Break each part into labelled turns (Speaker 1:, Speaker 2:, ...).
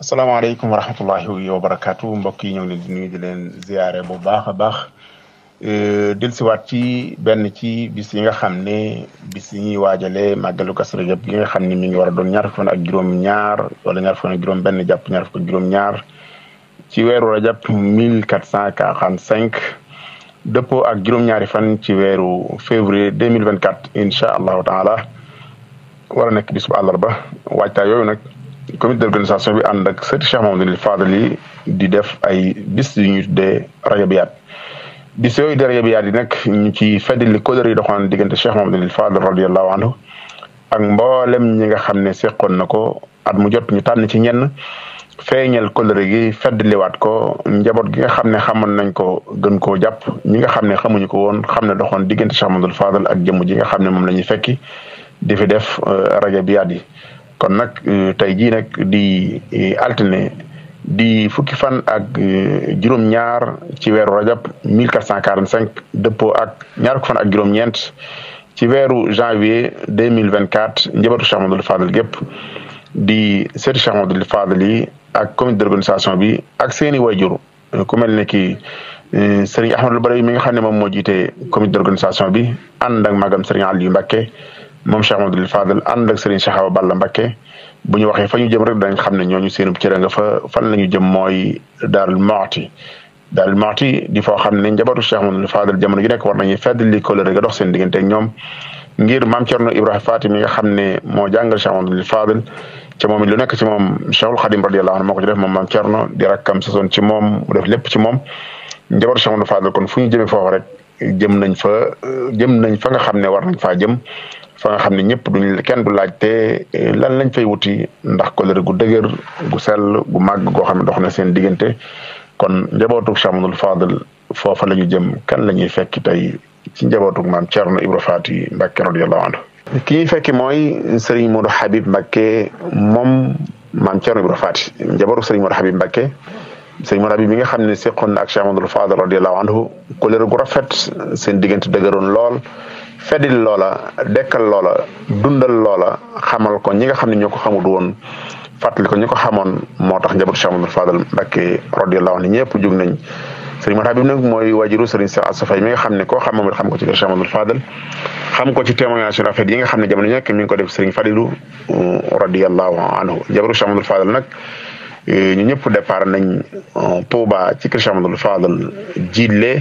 Speaker 1: asalaamaaleykum wa rahmatullahi wa barakaatu mbokk yi ñëw ne di nuyu di leen ziare bu baax a baax euh, dellusiwaat ci benn ci bis yi nga xam ne bis yi ñuy waajalee màggalu Kazu Rajab gi nga xam ne mi ngi war doon ñaar fukk ak juróom wala ñaar fukk ak juróom-benn jàpp ñaar fukk ak juróom-ñaar ci weeru rajab 1445 dëppoo ak juróom-ñaari fan ci weeru février 2024 incha allahu taala war a nekk bis bu àllarba waajtaay yooyu nag. comité d'organisation bi ànd ak sëti Cheikh Mamadou Fadal yi di def ay bis yu ñu de tuddee rajabiyaat bis yooyu di rajabiyaat yi nag ñu ci feddali kóllëre yi doxoon diggante Cheikh Mamadou Fadal radiyallahu anhu ak mboolem ñi nga xam ne seqoon na ko at mu jot ñu tànn ci ñenn feeñal kóllëre gi feddaliwaat ko njaboot gi nga xam ne xamoon nañ ko gën koo jàpp ñi nga xam ne xamuñu ko woon xam ne doxoon diggante Cheikh Mamadou Fadal ak jëmm ji nga xam ne moom la ñuy fekki di fi def euh, rajabiyaat yi kon nag euh, tey jii nag di euh, altine di fukki fan ak euh, juróom-ñaar ci weeru rajab 1445 dëppoo ak ñaar ko fan ak juróom-ñeent ci weeru janvier 2024 njabootu Cheikh Ahmadoul Fadal gépp di seeti Cheikh Ahmadoul Fadal yi ak comité d'organisation bi ak seeni wayjur ku mel ne ki Serigne Ahmadou Bari mi nga xam ne moom moo jiite comité d'organisation bi ànd ak magam Serigne Aliou Mbacké moom Cheikh Mamadou Fadal ànd ak Serigne Cheikh Awa Balla Mbacké bu ñu waxee fa ñu jëm rek dañ xam ne ñooñu seen cëra nga fa fan la ñu jëm mooy Daarul Muxti Daarul Muxti di foo xam ne njabootu Cheikh Mamadou Fadal jamono ju nekk war nañuy feddali kóllëre ga dox seen diggante ak ñoom ngir maam Cerno Ibrahima Faati mi nga xam ne moo jàngal Cheikh Mamadou Fadal ca moom it lu nekk ci moom Cheikhul Xadim radiyallahu anhu moo ko ci def moom maam Cerno di rakkam sasoon ci moom def lépp ci moom njabootu Cheikh Mamadou kon fu ñu jëmee foofu rek jëm nañ fa jëm nañ fa nga xam ne war nañ faa jëm fa nga xam ne ñëpp duñ kenn du laajte eh, lan lañ fay wuti ndax kolëre gu dëgër gu sel gu màgg goo xam ne dox na seen diggante kon njabootuk Chamanul Fadal foofa la ñu jëm kan la ñuy fekki tey ci njabootuk maam Thierno Ibra Faty Mbacké radiyallahu anhu ki ñuy fekki mooy Serigne Modou Habib Mbacké moom maam Thierno Ibra Faty njabootuk Serigne Modou Habib Mbacké sëñ Modou Habib mi nga xam ne seqoon na ak Cheikh Amadou Fadal radiyallahu anhu kolëre gu rafet seen diggante dëgëroon lool fedil loola dekkal loola dundal loola xamal ko ñi nga xam ne ñoo ko xamut woon fàttali ko ñi ko xamoon moo tax njabootu Cheikh Mamadou Fadal Mbacké radiyallahu anhu ñëpp jug nañ sëriñ Mata bi nag mooy wajiru sëriñ Cheikh Asta Faye mi nga xam ne koo xam xam ko ci Cheikh Mamadou Fadal xam ko ci témoignage rafet yi nga xam ne jamono ñekk mi ngi ko def sëriñ Fadilu euh, radiyallahu anhu njabootu Cheikh Mamadou Fadal nag euh, ñu ñëpp départ nañ euh, Touba ci kër Cheikh Mamadou Fadal jiile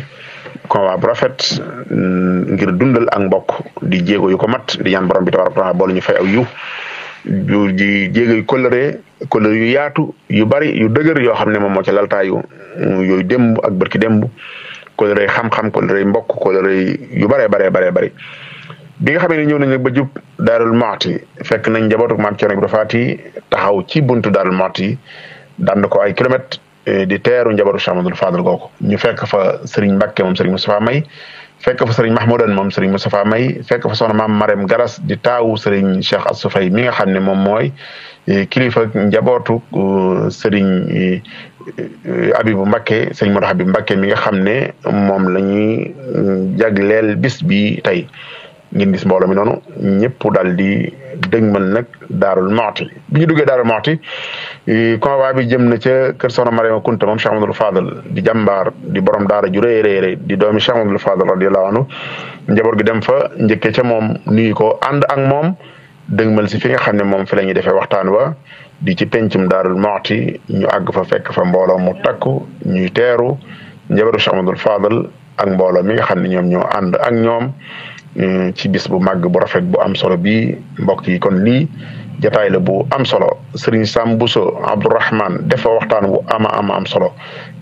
Speaker 1: combat bu rafet mm, ngir dundal ak mbokk di jéego yu ko mat di ñaan borom bi tabaaraka taala ñu fay aw yu di jéego yu coloré yu yaatu yu bari yu dëgër yoo xam ne moom moo ci laltaayu mm, yooyu démb ak bërki demb coloré xam-xam coloré mbokk coloré yu baree baree baree bëri bi nga xamee ne ñëw nañ ba jub Daarul Muxti fekk nañ njabootu maam Cerno Ibra Faati taxaw ci buntu Daarul Muxti dand ko ay kilomètres Eh, di teeru njabaru Cheikh Amadou Fadal googu ñu fekk fa Serigne Mbacke moom Serigne Moustapha May fekk fa Serigne Mahmoudan moom Serigne Moustapha May fekk fa soxna maam marem Garas di taawu Serigne Cheikh Assou Faye mi nga xam ne moom mooy eh, kilifa njabootu Serigne eh, Abibu Mbacke Serigne Modou Habib Mbacke mi nga xam ne moom la ñuy mm, jagleel bis bi tey. ngeen gis mbooloo mi noonu ñëpp daal di dëgmal nag daarul moxti bi ñu duggee daarul moxti eh, convoi bi jëm na ca kër soxna Mariama Kunta moom Cheikh Amadou Fadal di jàmbaar di borom daara ju rëy rëy rëy di doomi Cheikh Amadou Fadal radiyallahu anhu njaboot gi dem fa njëkkee ca moom nuyu ko ànd ak moom dëgmal si fi nga xam ne moom fi la ñuy defee waxtaan wa di ci pencum daarul moxti ñu àgg fa fekk fa mbooloo mu takku ñuy teeru njabootu Cheikh Amadou ak mbooloo mi nga xam ne ñoom ñoo ànd ak ñoom Mm, ci bis bu màgg bu rafet bu am solo bi mbokk yi kon lii jataay la bu am solo Serigne Sam Bousso Abdourahman def fa waxtaan bu ama ama am solo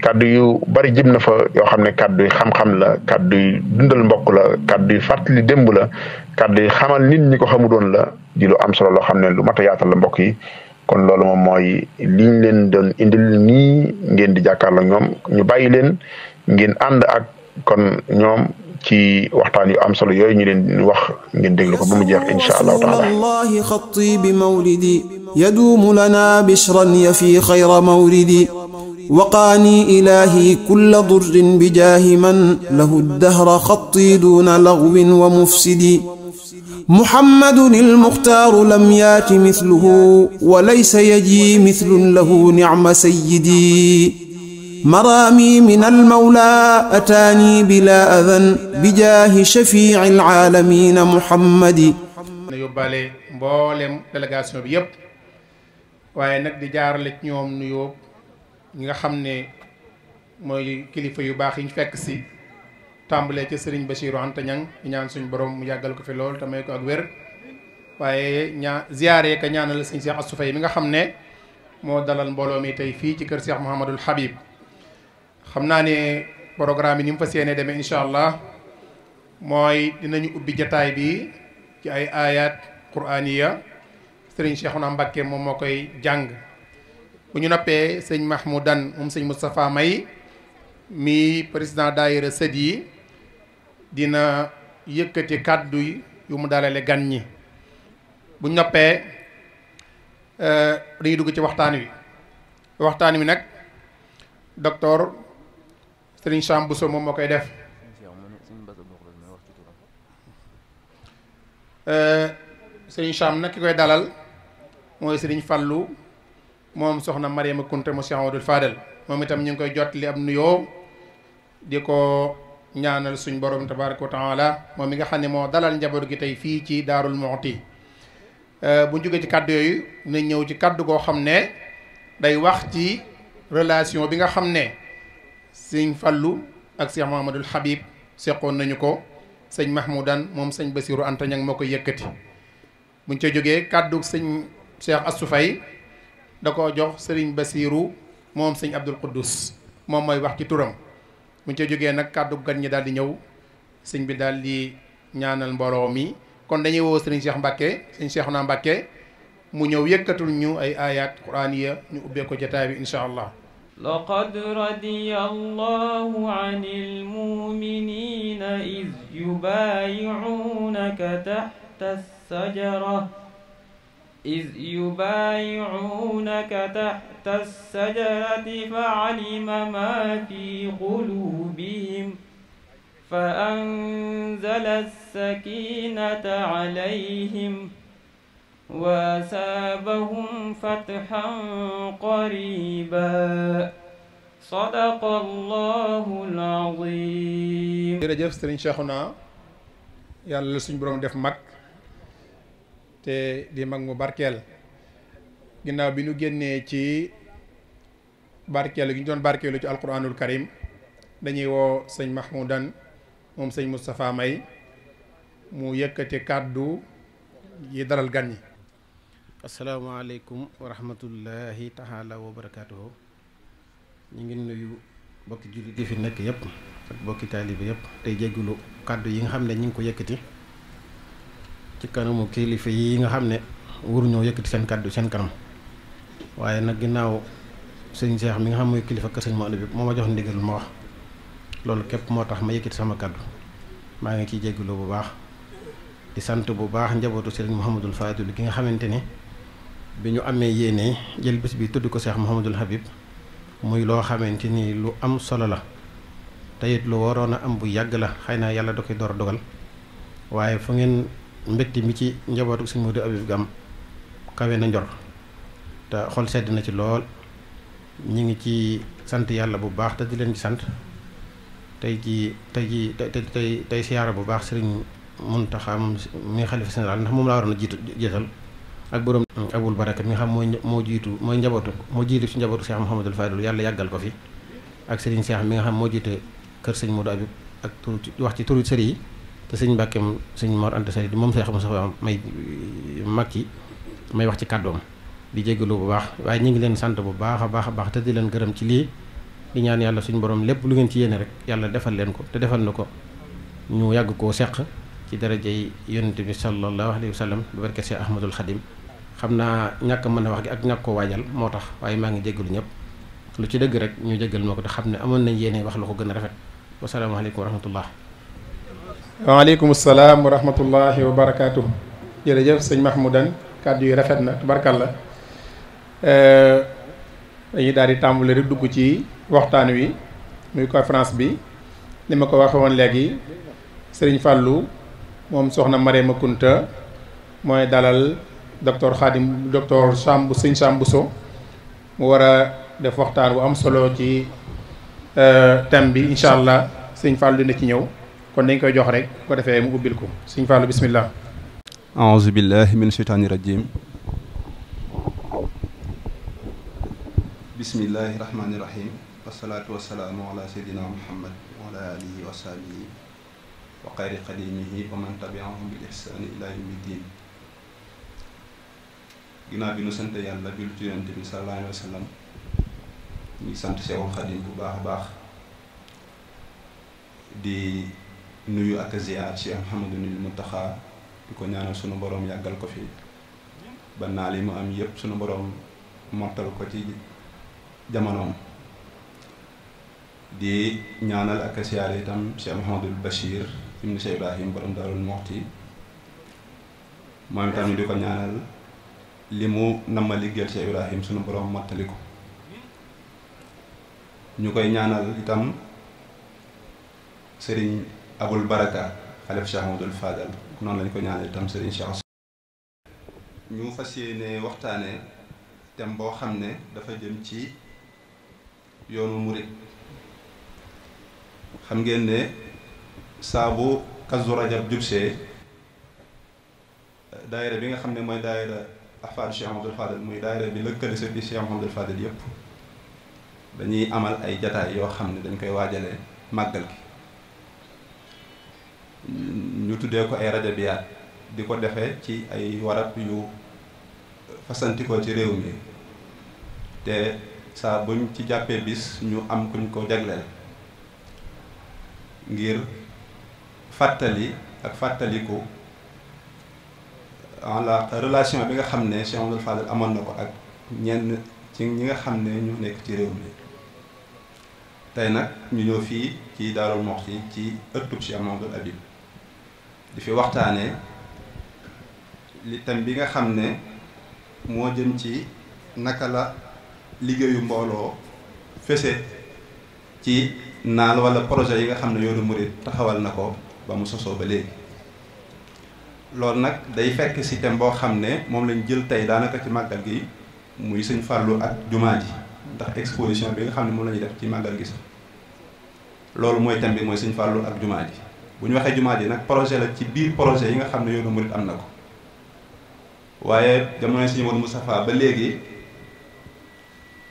Speaker 1: kaddu yu bari jib na fa yoo xam ne kaddu yu xam-xam la kaddu yu dundal mbokk la kaddu yu fàttali démb la kaddu yu xamal nit ñi ko xamu doon la di lu am solo loo xam ne lu mat a yaatal la mbokk yi kon loolu mooy liñ leen doon indil nii ngeen di jàkkaarloo ñoom ñu bay leen ngeen ànd ak kon ñoom ci waxtaan yu am solo yooyu ñu leen wax ngeen déglu ko ba mu jeex insha allahu taala
Speaker 2: xatti bi mawlidi yaduumu lana bishran yafi xayra mawlidi waqaani ilaahi kulla durrin bijaahi man lahu dahra xatti duuna lagwin wa mufsidi muhammadun ilmuxtaaru lam yaati mithluhu wa laysa yaji mithlun lahu nicma sayyidi maraami min almawla ataani bila adan bijaahi shafii alaalamina muhammadi
Speaker 3: na yóbbaale mboolem délégation bi yépp waaye nag di jaarale ci ñoom nuyoo ñi nga xam ne mooy kilifa yu baax yi ñu fekk si tàmbalee ci sëriñ Bachirou Anta Niang di ñaan suñu borom mu yàggal ko fi lool te may ko ak wér waaye ñaa ziyaare ka ñaanal sëñ Cheikh Assou Faye mi nga xam ne moo dalal mbooloo mi tey fii ci kër Cheikh Mouhamadul Habib xam naa ne programme bi ni mu fas yéene demee incha allah mooy dinañu ubbi jataay bi ci ay ayat quraaniya sëriñ Cheikhouna Mbacké moom moo koy jàng bu ñu noppee sëñ Mahmoudan moom sëñ Moustapha May mi président daayira sët yi dina yëkkati kàddu yi mu dalale gan ñi bu ñu noppee euh, dañuy dugg ci waxtaan wi waxtaan wi nag docteur sëriñ Sam so moom moo koy def euh, sëriñ Sam nag ki koy dalal mooy sëriñ Fallou moom soxna Mariama Kunte mu Cheikh Amadou Fadel moom itam ñu ngi koy jot li am nuyoo di ko ñaanal suñ borom tabaraka wa la moom mi nga xam ne moo dalal njaboot gi tey fii ci Daarul yi euh, bu ñu jógee ci kàddu yooyu na ñëw ci kàddu goo xam ne day wax ci relation bi nga xam ne sëñ Fallu ak sëñ Mahamadul Habib seqoon nañu ko sëñ Mahmoudan moom sëñ Basiru Antaña moo ko yëkkati buñ ca jógee kàddu sëñ Cheikh Assou da koo jox sëriñ Basiru moom sëñ Abdul Quddus moom mooy wax ci turam buñ ca jógee nag kàddu gan ñi daal di ñëw sëñ bi daal di ñaanal mbooloo mi kon dañuy woo sëriñ Cheikh Mbacke sëñ Cheikh naa Mbacke mu ñëw yëkkatul ñu ay ayat quraan ya ñu ubbee ko jataay bi incha allah.
Speaker 4: لقد رضي الله عن المؤمنين إذ يبايعونك تحت الشجرة إذ يبايعونك تحت
Speaker 2: الشجرة فعلم ما في قلوبهم فأنزل السكينة عليهم ۖ وأثابهم فتحا قريبا sadaqallaahu al
Speaker 3: yàlla la suñu borom def mag te di mag mu barkeel ginnaaw bi ñu génnee ci barkeelu gi ñu doon barkeelu ci alquranul karim dañuy woo sëñ Mahmoudan moom sëñ Moustapha May mu yëkkati kàddu
Speaker 2: yi daral gan ñi asalaamaaleykum wa rahmatullahi taala wa barakaatuhu ñu ngi nuyu bokki jullit yi fi nekk yëpp ak bokki taalibe yëpp tey jéggulu kàddu yi nga xam ne ñu ngi ko yëkkati ci kanamu kilifa yi nga xam ne waruñoo yëkkati seen kàddu seen kanam waaye nag ginnaaw sëñ Cheikh mi nga xam mooy kilifa kër sëñ Maodo bi moo ma jox ndigal ma wax loolu képp moo tax ma yëkkati sama kàddu maa ngi ciy jéggulu bu baax di sant bu baax njabootu sëriñ Mouhamadul Fadil gi nga xamante ni bi ñu amee yéene jël bés bi tudd ko Cheikh Mouhamadul Habib muy loo xamante ni lu am solo la te it lu waroon a am bu yàgg la xëy na yàlla da koy door dogal waaye fu ngeen mbégte mi ci njabootu Sëñ Mouhamadul Habib gam kawe na njor te xol sedd na ci lool ñu ngi ci sant yàlla bu baax te di leen ci sant tey ji tey ji tey tey tey siyaara bu baax sëriñ Muntaxa moom mi xalifa général ndax moom laa waroon a jiitu jiital ak boroom abul baraka mi nga xam mooy moo jiitu mooy njabootu moo jiitu ci njabootu Cheikh Mouhamadul Fadil yàlla yàggal ko fi ak sëriñ Cheikh mi nga xam moo jiite kër sëñ Modou Abib ak tur wax ci turu sëriñ yi te sëñ Mbàkkeem sëñ Mor Anta di moom Cheikh Moussa may mag yi may wax ci kàddoom di jégalu bu baax waaye ñu ngi leen sant bu baax a baax a baax te di leen gërëm ci lii di ñaan yàlla suñ borom lépp lu ngeen ci yéene rek yàlla defal leen ko te defal na ko ñu yàgg koo seq ci darajey yonent bi sallallahu alayhi wa sallam bi barke Cheikh Ahmadul Xadim xam naa ñàkk mën a wax gi ak ñàkk ko waajal moo tax waaye maa ngi jéggalu ñëpp lu ci dëgg rek ñu jéggal moo ko te xam ne amoon nañ yéene wax lu ko gën a rafet wasalaamaaleykum wa rahmatullah
Speaker 3: waaleykum salaam wa rahmatullahi wa barakaatu. jërëjëf sëñ Mahmoudan kàddu yi rafet na tubarkalla eh, dañuy daal di tàmbali dugg ci waxtaan wi muy conférence bi ni ma ko waxe woon léegi sëriñ Fàllu moom soxna Marema Kunta mooy dalal docteur Khadim docteur Samb sëñ Samb So mu war def waxtaan bu am solo ci euh, thème bi incha allah sëñ Fall dina ci ñëw kon dañ koy jox rek ko defee mu ubbil ko suñ Fall bismillah
Speaker 5: aouzu billahi min sheytaani rajim bismillahi rahmaani rahim wasalaatu wasalaamu ala seydina muhammad wa ala alihi wa ginnaaw bi nu sant yàlla julli ci yonent bi sallallahu alayhi wa sallam sant Seexul Xadim bu baax a baax di nuyu ak ziar Cheikh Mouhamadul Mountakha di ko ñaanal sunu boroom yàggal ko fi ba naal yi mu am yëpp sunu boroom mottal ko ci jamonoom di ñaanal ak ziar itam Cheikh Mouhamadul Bachir ibnu Cheikh Ibrahim borom Daarul Muxti moom itam di ko ñaanal. li mu nama liggéeyal Cheikh Ibrahim sunu borom mottali ñu koy ñaanal itam sëriñ Abul Baraka xalif Cheikh Amadou Fadal noonu lañ ko ñaanal itam sëriñ Cheikh ñu fas yéene waxtaane thème boo xam ne dafa jëm ci yoonu murit xam ngeen ne saabu Kazu Rajab jubsee daayira bi nga xam ne mooy daayira ahfaadu Cheikh Mouhamadoul Fadel muy daayira bi lëkkale sëti Cheikh Mouhamadoul Fadel yëpp dañuy amal ay jataay yoo xam ne dañ koy waajale màggal gi ñu tuddee ko ay rajabiyaat di ko defee ci ay warat yu fasantikoo ci réew mi te saa buñ ci jàppee bis ñu am kuñ ko jagleel ngir fàttali ak fàttaliku la relation bi nga xam ne Cheikh Amadou Fadel amoon na ko ak ñenn ci ñi nga xam ne ñu nekk ci réew mi tey nag ñu ñëw fii ci Daarul Muxti ci ëttub Cheikh Amadou Habib di fi waxtaanee li thème bi nga xam ne moo jëm ci naka la liggéeyu mbooloo fese ci naal wala projet yi nga xam ne yoonu murit taxawal na ko ba mu sosoo ba léegi loolu nag day fekk système boo xam ne moom lañ jël tey daanaka ci màggal gi muy Sëñ Fàllu ak jumaa ji ndax exposition bi nga xam ne moom la def ci màggal gi sax loolu mooy tem bi mooy Sëñ Fàllu ak jumaa ji bu ñu waxee jumaa ji nag projet la ci biir projet yi nga xam ne yoonu murit am na ko waaye jamono Sëñ Moodu Mustafaa ba léegi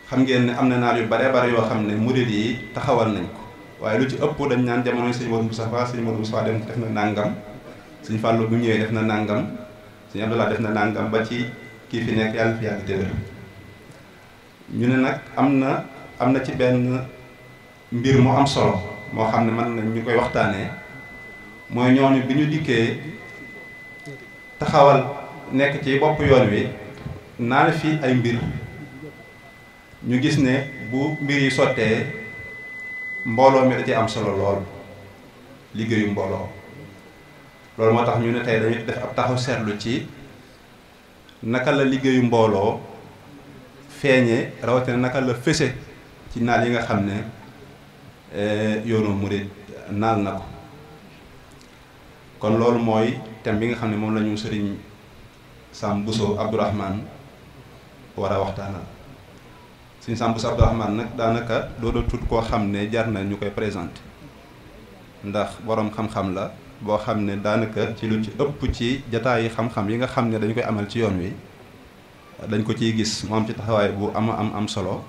Speaker 5: xam ngeen am na naar yu bare bare yoo xam ne murit yi taxawal nañ ko waaye lu ci ëpp dañ naan jamono Sëñ Moodu Mustafaa Sëñ def na nàngam suñ fàllu bu ñëwee def na nàngam suñu Abdoulaye def na nàngam ba ci kii fi nekk yàlla fi yàgg ñu ne nag am na am na ci benn mbir mu am solo moo xam ne man ñu koy waxtaanee mooy ñooñu bi ñu dikkee taxawal nekk ci bopp yoon wi naa fii ay mbir ñu gis ne bu mbir yi sottee mbooloo mi da ci am solo lool liggéeyu mbooloo loolu moo tax ñu ne tey dañu def ab taxaw seetlu ci naka la liggéeyu mbooloo feeñee rawatina naka la fëse ci naal yi nga xam ne eh, yoonu murid naal na ko kon loolu mooy thème bi nga xam ne moom lañu ñu sëriñ Sam Bousso Abdourahmane war a waxtaanal sëriñ Sam Bousso Abdourahmane nag daanaka doo doon koo xam ne jar na ñu koy présenté ndax boroom xam-xam la boo xam ne daanaka ci lu ci ëpp ci jataayi xam-xam yi nga xam ne dañu koy amal ci yoon wi dañ ko ciy gis mu am ci taxawaay bu ama am am solo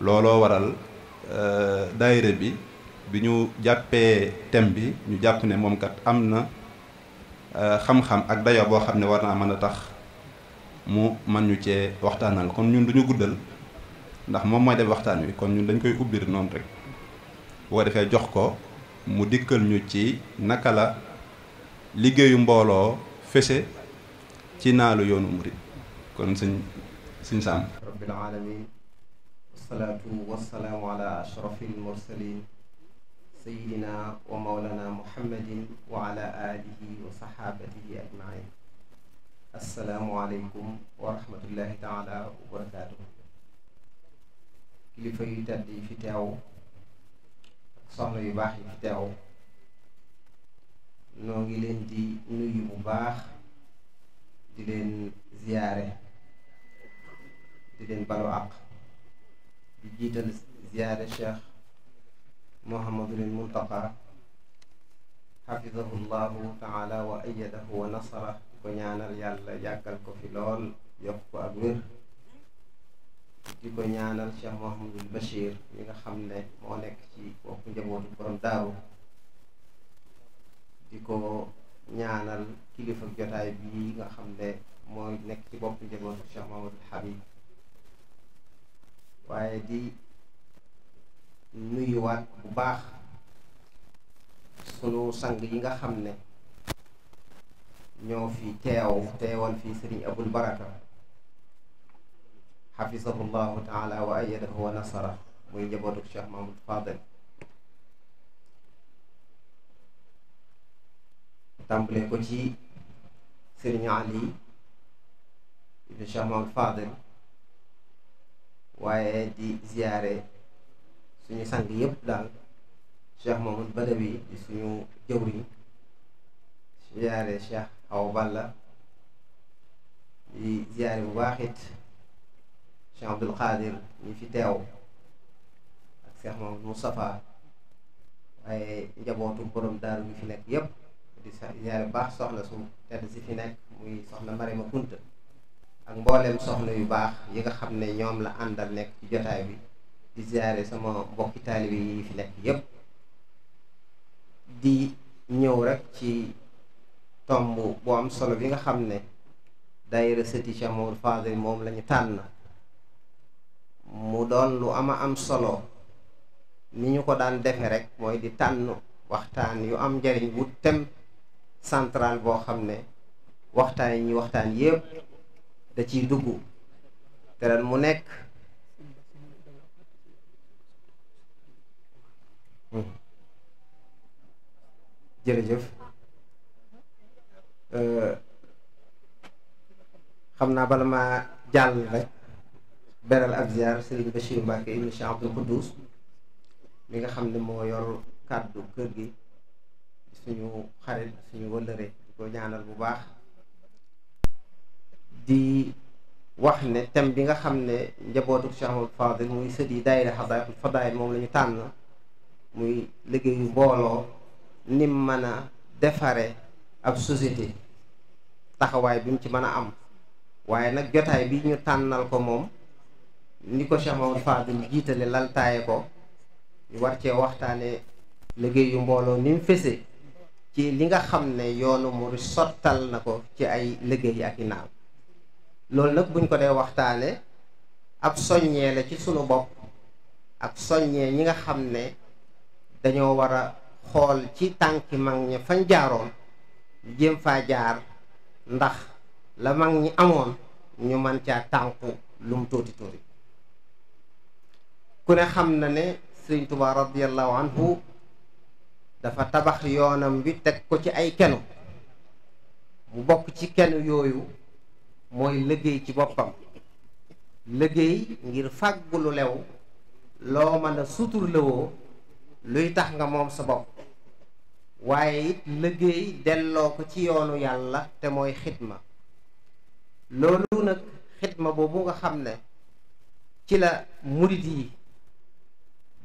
Speaker 5: looloo waral euh, daayira bi bi ñu jàppee thème bi ñu jàpp ne moom kat am na euh, xam-xam ak daya boo xam ne war naa mën a tax mu man ñu cee waxtaanal kon ñun duñu guddal ndax moom mooy def waxtaan wi kon ñun dañ koy ubbir noonu rek boo defee jox ko mu dikkal ñu ci naka la liggéeyu mbooloo fese ci naalu yoonu murid kon sëñ sëñ Sam
Speaker 4: rabbil alamin wasalaatu wasalaamu ala ashrafil mursalin wa mawlana muhammadin wa ala wa sahabatihi ajmain assalaamu aleykum wa rahmatullahi taala wa barakatuhu kilifa yu tedd yi fi teew soxna yu baax yi fi teew noo ngi leen di nuyu bu baax di leen ziyaare di leen balu àq di jiital ziyaare cheikh leen muntaqa xafidahu llahu taala wa ayadahu wa nasara ko ñaanal yàlla yàggal ko fi lool yokk ko ak wér di ko ñaanal Cheikh Mouhamadul Bachir mi nga xam ne moo nekk ci boppu njabootu borom daaru di ko ñaanal kilifa jotaay bii nga xam ne moo nekk ci boppu njabootu Cheikh Mouhamadul Habib waaye di nuyuwaat bu baax sunu sang yi nga xam ne ñoo fi teew teewal fii Serigne Abul Baraka xafisahu llahu taala wa ayadahu wa nasara muy njabootu Cheikh Mahmoud Fadel tàmbale ko ci Sëriñ Ali ibn Cheikh Mahmoud Fadel waaye di ziyaare suñu sang yëpp daal Cheikh Mahmoud Badawi di suñu jëwriñ ziyaare Cheikh Awa Balla di ziyaare bu baax Cheikh Abdul Xaadir ñi fi teew ak Cheikh Mamadou Moustapha waaye njabootu borom daaru bi fi nekk yépp di ziyaare baax soxna su tedd si fi nekk muy soxna ma Kunta ak mbooleem soxna yu baax yi nga xam ne ñoom la àndal nekk ci jotaay bi di ziyaare sama mbokki taalibe yi fi nekk yépp di ñëw rek ci tomb bu am solo bi nga xam ne daayira sëti Cheikh Mamadou Fadil moom lañu ñu na mu doon lu ama am solo ni ñu ko daan defe rek mooy di tànn waxtaan yu am njariñ wu tem central boo xam ne waxtaan yi ñuy waxtaan yépp da ciy dugg te ren mu nekk hmm. jërëjëf euh, xam naa bala ma jàll rek beral ab ziar Serigne Bachir Mbacke ibn Cheikh Abdou Khoudous mi nga xam ne moo yor kàddu kër gi suñu xarit suñu wëllëre di ko ñaanal bu baax di wax ne thème bi nga xam ne njabootu Cheikh Amadou muy sët yi daayira Hadaa'iqul Fadaa'il moom lañu ñu tànn muy liggéeyu mbooloo nim mën a defare ab société taxawaay bi mu ci mën a am waaye nag jotaay bi ñu tànnal ko moom ni ko Cheikh Mamadou Fadil jiitalee laltaaye ko ñu war cee waxtaane liggéeyu mbooloo ni mu fese ci li nga xam ne yoonu mu sottal na ko ci ay liggéey ak i naaw loolu nag buñ ko dee waxtaane ab soññee la ci sunu bopp ak soññee ñi nga xam ne dañoo war a xool ci tànki mag ña fañ jaaroon jéem faa jaar ndax la mag ñi amoon ñu mën caa tànku lum tuuti tuuti ku ne xam na ne sëriñ Tuubaa radiyallahu anhu dafa tabax yoonam wi teg ko ci ay kenu mu bokk ci kenu yooyu mooy liggéey ci boppam liggéey ngir fàggu lu lew loo mën a suturlewoo luy tax nga moom sa bopp waaye it liggéey delloo ko ci yoonu yàlla te mooy xidma loolu nag xidma boobu nga xam ne ci la murit yi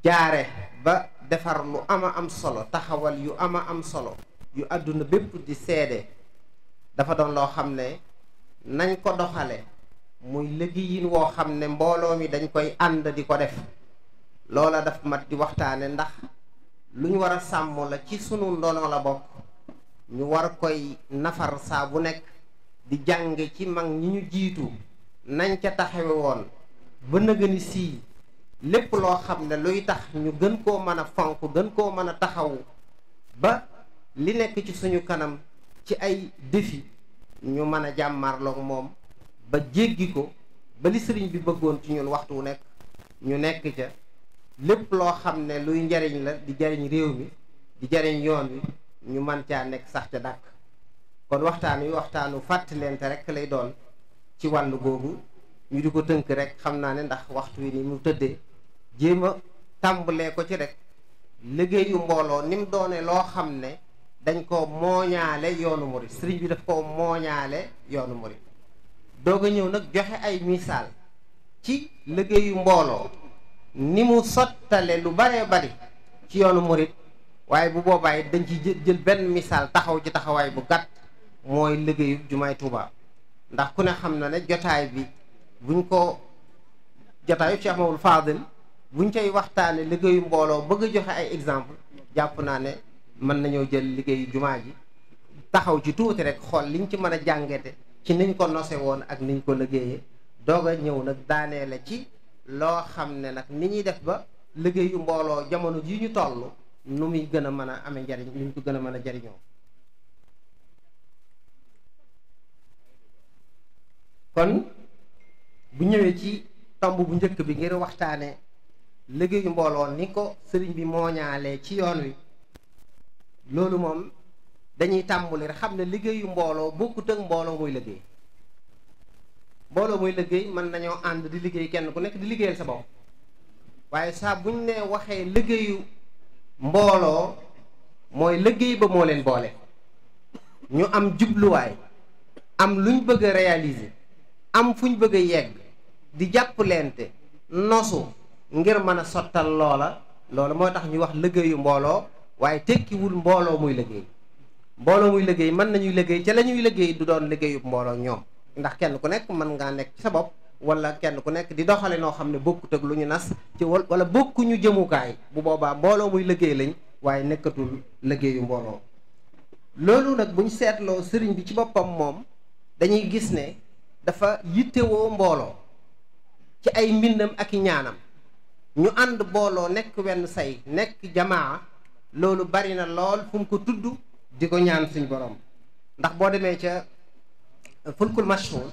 Speaker 4: jaare ba defar lu ama am solo taxawal yu ama am solo yu àdduna bépp di seede dafa doon loo xam ne nañ ko doxale muy liggéeyin woo xam ne mbooloo mi dañ koy ànd di ko def loola daf mat di waxtaane ndax lu ñu war a sàmm la ci sunu ndono la bokk ñu war koy nafar saa bu nekk di jàng ci mag ñi ñu jiitu nañ ca taxawe woon ba nëgëni sii lépp loo xam ne luy tax ñu gën koo mën a fonk gën koo mën a taxawu ba li nekk ci suñu kanam ci ay defi ñu mën a jàmmarloog moom ba jéggi ko ba li sëriñ bi bëggoon ci ñun waxtu wu nekk ñu nekk ca lépp loo xam ne luy njariñ la di jariñ réew mi di jariñ yoon wi ñu mën caa nekk sax ca dàkk kon waxtaan wi waxtaanu fàttalente rek lay doon ci wàllu googu ñu di ko tënk rek xam naa ne ndax waxtu wi ni mu tëddee jéem a tàmbalee ko ci rek liggéeyu mbooloo ni mu doone loo xam ne dañ ko mooñaale yoonu murit sëriñ bi daf ko mooñaale yoonu murit doog a ñëw nag joxe ay misaal ci liggéeyu mbooloo ni mu sottale lu baree bari ci yoonu morit waaye bu boobaa it dañ ci jël benn misaal taxaw ci taxawaay bu gàtt mooy liggéeyu jumaay Tuubaa ndax ku ne xam na ne jotaay bi buñ ko jotaayu Cheikh Mawul Fadil buñ cay waxtaane liggéeyu mbooloo bëgg a joxe ay exemple jàpp naa ne mën nañoo jël liggéeyu jumaa ji taxaw ci tuuti rek xool liñ ci mën a jàngate ci niñ ko nose woon ak niñ ko liggéeyee doog a ñëw nag daaneele ci loo xam ne nag ni ñuy def ba liggéeyu mbooloo jamono ji ñu toll nu muy gën a mën a amee njariñ nu ko gën a mën a jariñoo kon bu ñëwee ci tomb bu njëkk bi ngir waxtaane liggéeyu mbooloo ni ko sëriñ bi mooñaalee ci yoon wi loolu moom dañuy tàmbali xam ne liggéeyu mbooloo bokkut ak mbooloo muy liggéey mbooloo muy liggéey mën nañoo ànd di liggéey kenn ku nekk di liggéeyal sa bopp waaye saa buñ ne waxee liggéeyu mbooloo mooy liggéey ba moo leen boole ñu am jubluwaay am luñ bëgg a réaliser am fuñ bëgg a yegg di jàppalante nosu ngir mën a sottal loola loolu moo tax ñu wax liggéeyu mbooloo waaye tekkiwul mbooloo muy liggéey mbooloo muy liggéey mën nañuy liggéey ca la ñuy liggéey du doon liggéeyu mbooloo ñoom ndax kenn ku nekk mën ngaa nekk ci sa bopp wala kenn ku nekk di doxale noo xam ne bokkut ak lu ñu nas ci wala bokkuñu jëmukaay bu boobaa mbooloo muy liggéey lañ waaye nekkatul liggéeyu mbooloo loolu nag buñ seetloo sëriñ bi ci boppam moom dañuy gis ne dafa yittewoo mbooloo ci ay mbindam ak i ñaanam ñu ànd booloo nekk wenn say nekk jamaa loolu bari na lool fu mu ko tudd di ko ñaan suñ boroom ndax boo demee ca fulkul mashhur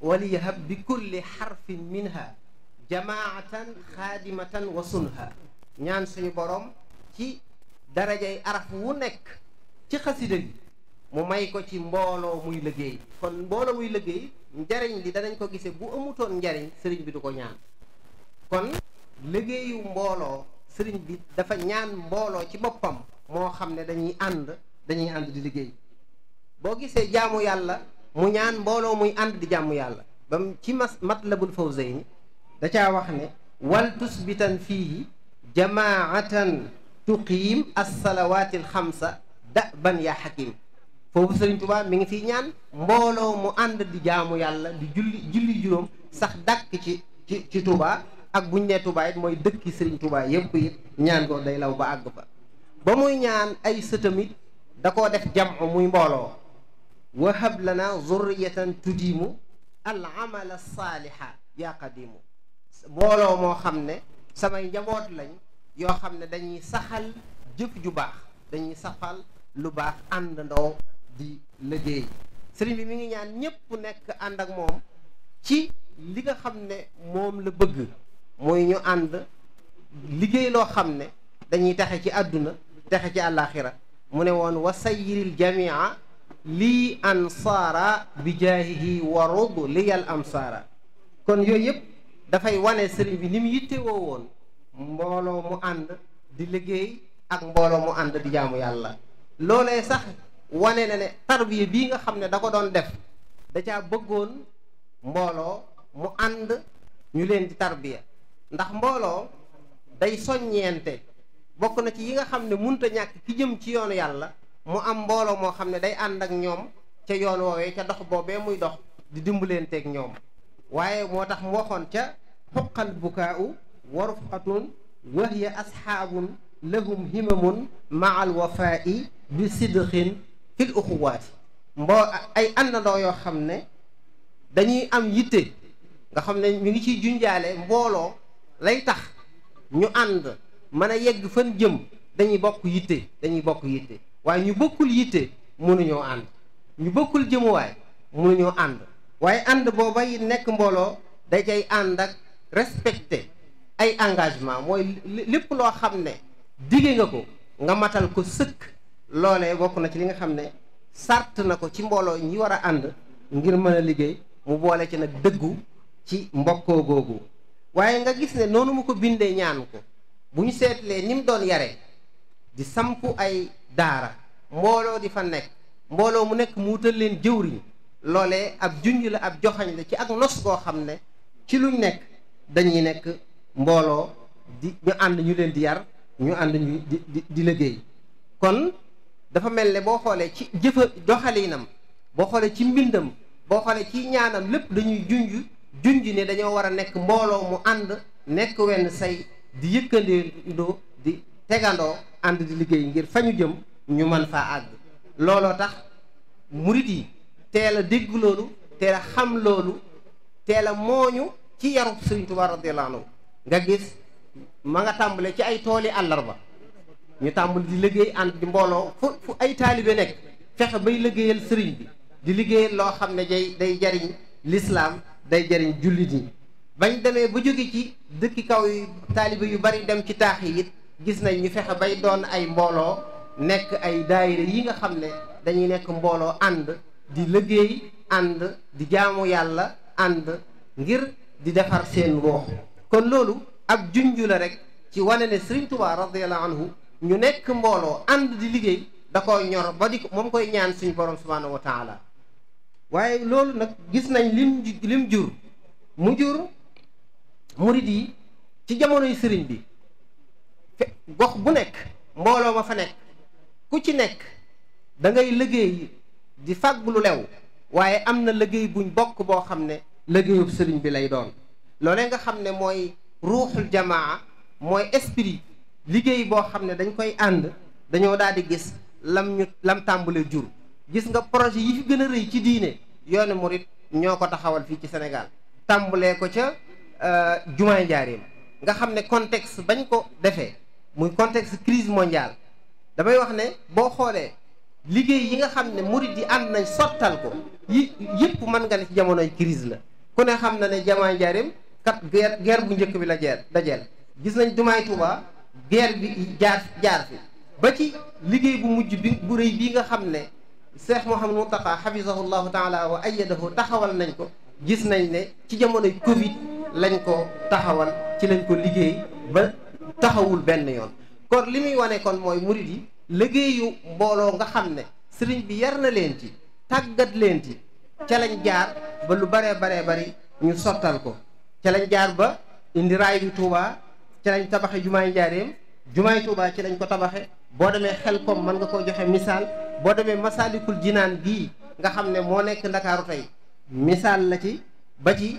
Speaker 4: waliyahab bi kulli xarfin minha jamaatan xaadimatan wa sunha ñaan suñu boroom ci darajay araf wu nekk ci xasida gi mu may ko ci mbooloo muy liggéey kon mbooloo muy liggéey njariñ li danañ ko gisee bu amutoon njariñ sëriñ bi du ko ñaan kon liggéeyu mbooloo sëriñ bi dafa ñaan mbooloo ci boppam moo xam ne dañuy ànd dañuy ànd di liggéey boo gisee jaamu yàlla mu ñaan mbooloo muy ànd di jaamu yàlla ba ci mas matlabul fawzayni da caa wax ne waltus tusbitan fii jamaatan tuqiim as-salawaati al-xamsa daban yaa xakim foofu Sëriñ Tuubaa mi ngi fiy ñaan mbooloo mu ànd di jaamu yàlla di julli julli juróom sax dàkk ci ci ak buñ ne Touba it mooy dëkki Serigne Touba yëpp it ñaan ko day law ba àgg fa ba muy ñaan ay sëtam it da koo def jamu muy mbooloo wahab lana zurriyatan tudimu al amala saaliha yaa qadimu mbooloo moo xam ne samay njaboot lañ yoo xam ne dañuy saxal jëf ju baax dañuy safal lu baax àndandoo di liggéey sëriñ bi mi ngi ñaan ñëpp nekk ànd ak moom ci li nga xam ne moom la bëgg mooy ñu ànd liggéey loo xam ne dañuy taxe ci àdduna taxe ci àllaaxira mu ne woon wa sayyiril jamia lii ansaara bi jaahihi wa rud liyal amsaara kon yooyu yëpp dafay wane sëriñ bi ni mu yittewoo woon mbooloo mu ànd di liggéey ak mbooloo mu ànd di jaamu yàlla loolee sax wane la ne tarbiya bii nga xam ne da ko doon def da caa bëggoon mbooloo mu ànd ñu leen di tarbiya ndax mbooloo day soññeente bokk na ci yi nga xam ne munta ñàkk ki jëm ci yoonu yàlla mu am mbooloo moo xam ne day ànd ak ñoom ca yoon woowee ca dox boobee muy dox di dimbaleenteeg ñoom waaye moo tax mu waxoon ca xuqal bukaau wa rufqatun wa hiya asxaabun lahum himamun maa al wafaai bi sidqin fil uxuwaati mboo ay àndandoo yoo xam ne dañuy am yitte nga xam ne mi ngi ciy junjaale mbooloo lay tax ñu ànd mën a yegg fan jëm dañuy bokk yitte dañuy bokk yitte waaye ñu bokkul yitte mënuñoo ànd ñu bokkul jëmuwaay mënuñoo ànd waaye ànd booba yi nekk mbooloo da koy ànd ak respecté ay engagement mooy lépp loo xam ne dige nga ko nga matal ko sëkk loole bokk na ci li nga xam ne sart na ko ci mbooloo ñi war a ànd ngir mën a liggéey mu boole ci nag dëggu ci mbokkoo googu waaye nga gis ne noonu mu ko bindee ñaan ko bu ñu seetlee ni mu doon yare di samp ay daara mbooloo di fa nekk mbooloo mu nekk mu wutal leen jëwriñ loole ab junj la ab joxañ la ci ak nos goo xam ne ci luñ nekk dañuy nekk mbooloo di ñu ànd ñu leen di yar ñu ànd ñu di di liggéey kon dafa mel ne boo xoolee ci jëfa doxalinam boo xoolee ci mbindam boo xoolee ci ñaanam lépp dañuy junj junj ne dañoo war a nekk mbooloo mu ànd nekk wenn say di yëkkandoo di tegandoo ànd di liggéey ngir fa ñu jëm ñu mën faa àgg looloo tax murit yi teel a dégg loolu teel a xam loolu teel a mooñu ci yarub Sëriñ Tuubaa radiyallaahu nga gis ma nga tàmbale ci ay tooli àllarba ñu tàmbali di liggéey ànd di mbooloo fu fu ay taalibe nekk fexe bay liggéeyal sëriñ bi di liggéeyal loo xam ne day day jariñ lislaam day jëriñ jullit yi bañ demee ba jóge ci dëkki kaw yi taalibe yu bari dem ci taax yi it gis nañ ñu fexe bay doon ay mbooloo nekk ay daayira yi nga xam ne dañuy nekk mbooloo ànd di liggéey ànd di jaamu yàlla ànd ngir di defar seen ruux kon loolu ab junju la rek ci wane ne Sëriñ Tuubaa radiyallahu anhu ñu nekk mbooloo ànd di liggéey da koo ñor ba di moom koy ñaan suñu borom subhaanahu wa taala waaye loolu nag gis nañ lim lim jur mu jur murit yi ci jamonoy sëriñ bi fe gox bu nekk mbooloo ma fa nekk ku ci nekk da ngay liggéey di fàgg lu lew waaye am na liggéey buñ bokk boo xam ne liggéeyub sëriñ bi lay doon loolee nga xam ne mooy ruuxul jamaa mooy esprit liggéey boo xam ne dañ koy ànd dañoo daal di gis lam ñu lam tàmbale jur gis nga projet yi fi gën a rëy ci diine yoonu murit ñoo ko taxawal fii ci Sénégal tàmbulee ko ca euh, jumaay njaareem nga xam ne contexte bañ ko defee muy contexte crise mondiale damay wax ne boo xoolee liggéey yi nga xam ne murit yi ànd nañ sottal ko yi yëpp mën nga ne ci jamonoy crise la ku xam na ne jumaay njaareem kat guerre guerre bu njëkk bi la jeer dajeel gis nañ jumaay Tuuba guerre bi jaar jaar fi ba ci liggéey bu mujj bi bu rëy bii nga xam ne seex Mouhamadou Mountakha xafisahullahu taala wa ayyadahu taxawal nañ ko gis nañ ne ci jamono Covid lañ ko taxawal ci lañ ko liggéey ba taxawul benn yoon kon li muy wane kon mooy murid yi liggéeyu mbooloo nga xam ne sëriñ bi yar na leen ci tàggat leen ci ca lañ jaar ba lu baree baree bari ñu sottal ko ca lañ jaar ba indi raay bi Touba ci lañ tabaxe jumaay njaareem jumaay Touba ci lañ ko tabaxe boo demee xel kom mën nga koo joxe misaal boo demee masaalikul jinaan gii nga xam ne moo nekk ndakaaru tey misaal la ci ba ci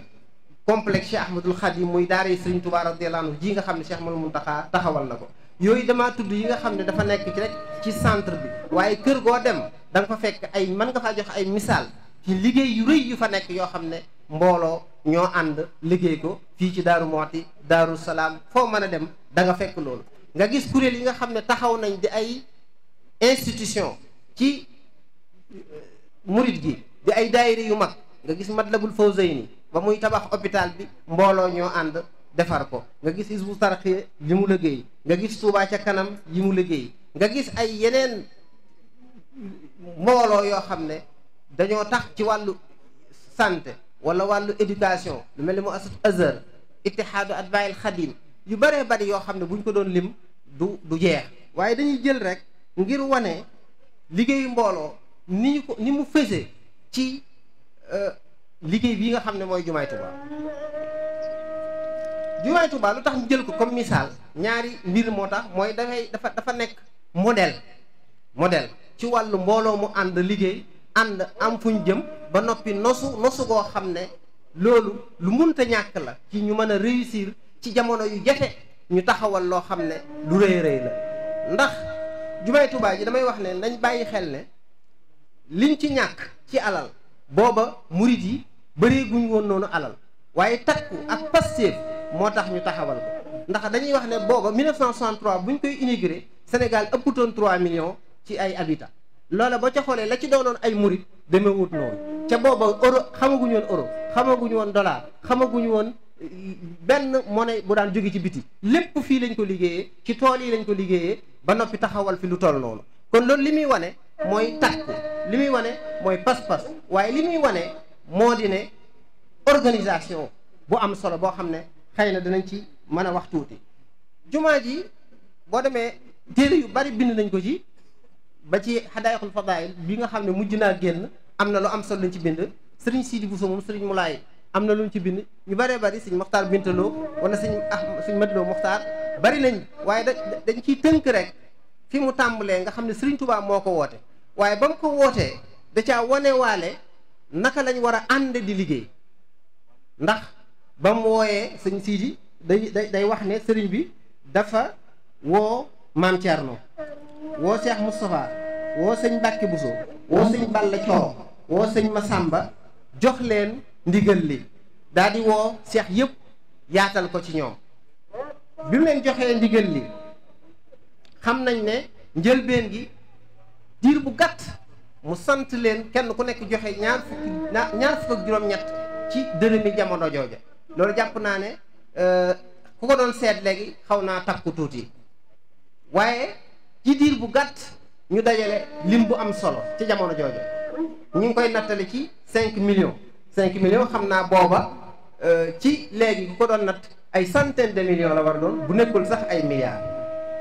Speaker 4: complexe Cheikh Ahmadul Khadim muy daara Sëriñ Tuubaa radiyallaahu ji nga xam ne Cheikh Mouhamadou Mountakha taxawal na ko yooyu damaa tudd yi nga xam ne dafa nekk ci rek ci centre bi waaye kër goo dem da nga fa fekk ay mën nga fa jox ay misaal ci liggéey yu rëy yu fa nekk yoo xam ne mbooloo ñoo ànd liggéey ko fii ci Daaru Mooti Daaru Salaam foo mën a dem danga fekk loolu nga gis kuréel yi nga xam ne taxaw nañ di ay institution ci euh, murit gi di ay daayira yu mag nga gis mat Matlabul Fawzayni ba muy tabax hôpital bi mbooloo ñoo ànd defar ko nga gis Hizbut Tarqiyyah li mu liggéey nga gis suuba ca kanam yi mu liggéey nga gis ay yeneen mbooloo yoo xam ne dañoo tax ci wàllu santé wala wàllu éducation lu mel ni mu asat Azhar ittihaadu atbaa'il xadim yu baree bari yoo xam ne buñ ko doon lim du du jeex waaye dañuy jël rek ngir wane liggéeyu mbooloo ni ñu ko ni mu fësee ci euh, liggéey bii nga xam ne mooy jumaay Tuubaa jumaay Tuubaa lu tax ñu jël ko comme misaal ñaari mbir moo tax mooy dafay dafa dafa nekk modèle model ci wàllu mbooloo mu ànd liggéey ànd am fuñ jëm ba noppi nosu nosu koo xam ne loolu lu munta ñàkk la ci ñu mën a réussir ci jamono yu jafe ñu taxawal loo xam ne lu rëy rëy la jumaay Tuubaa ji damay wax ne nañ bàyyi xel ne liñ ci ñàkk ci alal booba murit yi bëree guñ woon noonu alal waaye takku ak Pastef moo tax ñu taxawal ko ndax dañuy wax ne booba 1963 buñ koy inauguré Sénégal ëpputoon 3 millions ci ay habitants loola boo ca xoolee la ci doonoon ay murit demee wut noonu ca booba euro xamaguñu woon euro xamaguñu woon dollar xamaguñu woon benn monnaie bu daan jóge ci biti lépp fii lañ ko liggéeyee ci tool yi lañ ko liggéeyee ba noppi taxawal fi lu toll noonu kon loolu li muy wane mooy takku li muy wane mooy pas-pas waaye li muy wane moo di ne organisation bu am solo boo xam ne xëy na dinañ ci mën a wax tuuti jumaa ji boo demee téere yu bari bind nañ ko ci ba ci xadaayqul fadaayil bi nga xam ne mujj naa génn am na lu am solo lañ ci bind sëriñ Sidi Bousso moom sëriñ Moulay am na lu mu ci bind ñu bëree bari sëñ Moxtaar Bintaloo wala sëñ ah sëñ Madloo Moxtaar bari nañ waaye da dañ ciy tënk rek fi mu tàmbalee nga xam ne Sëriñ Tuubaa moo ko woote waaye ba mu ko wootee da caa wanewaale naka lañu war a ànd di liggéey ndax ba mu wooyee sëñ Siidi day day wax ne sëriñ bi dafa woo Maam Thierno woo Cheikh Moustapha woo sëñ Mbàkke Buso woo sëñ Balla Cooro woo sëñ Masamba jox leen ndigal li daa di woo seex yëpp yaatal ko ci ñoom bi leen joxee ndigal li xam nañ ne njëlbeen gi diir bu gàtt mu sant leen kenn ku nekk joxe ñaar fukki ñaar fukk juróom-ñett ci dërëmi jamono jooja loolu jàpp naa ne euh, ku ko doon seet léegi xaw naa takku tuuti waaye ci diir bu gàtt ñu dajale lim bu am solo ci jamono jooja ñu ngi koy nattale ci cinq millions cinq millions xam naa booba euh, ci léegi ku ko doon nat ay centaine de million la war doon bu nekkul sax ay milliards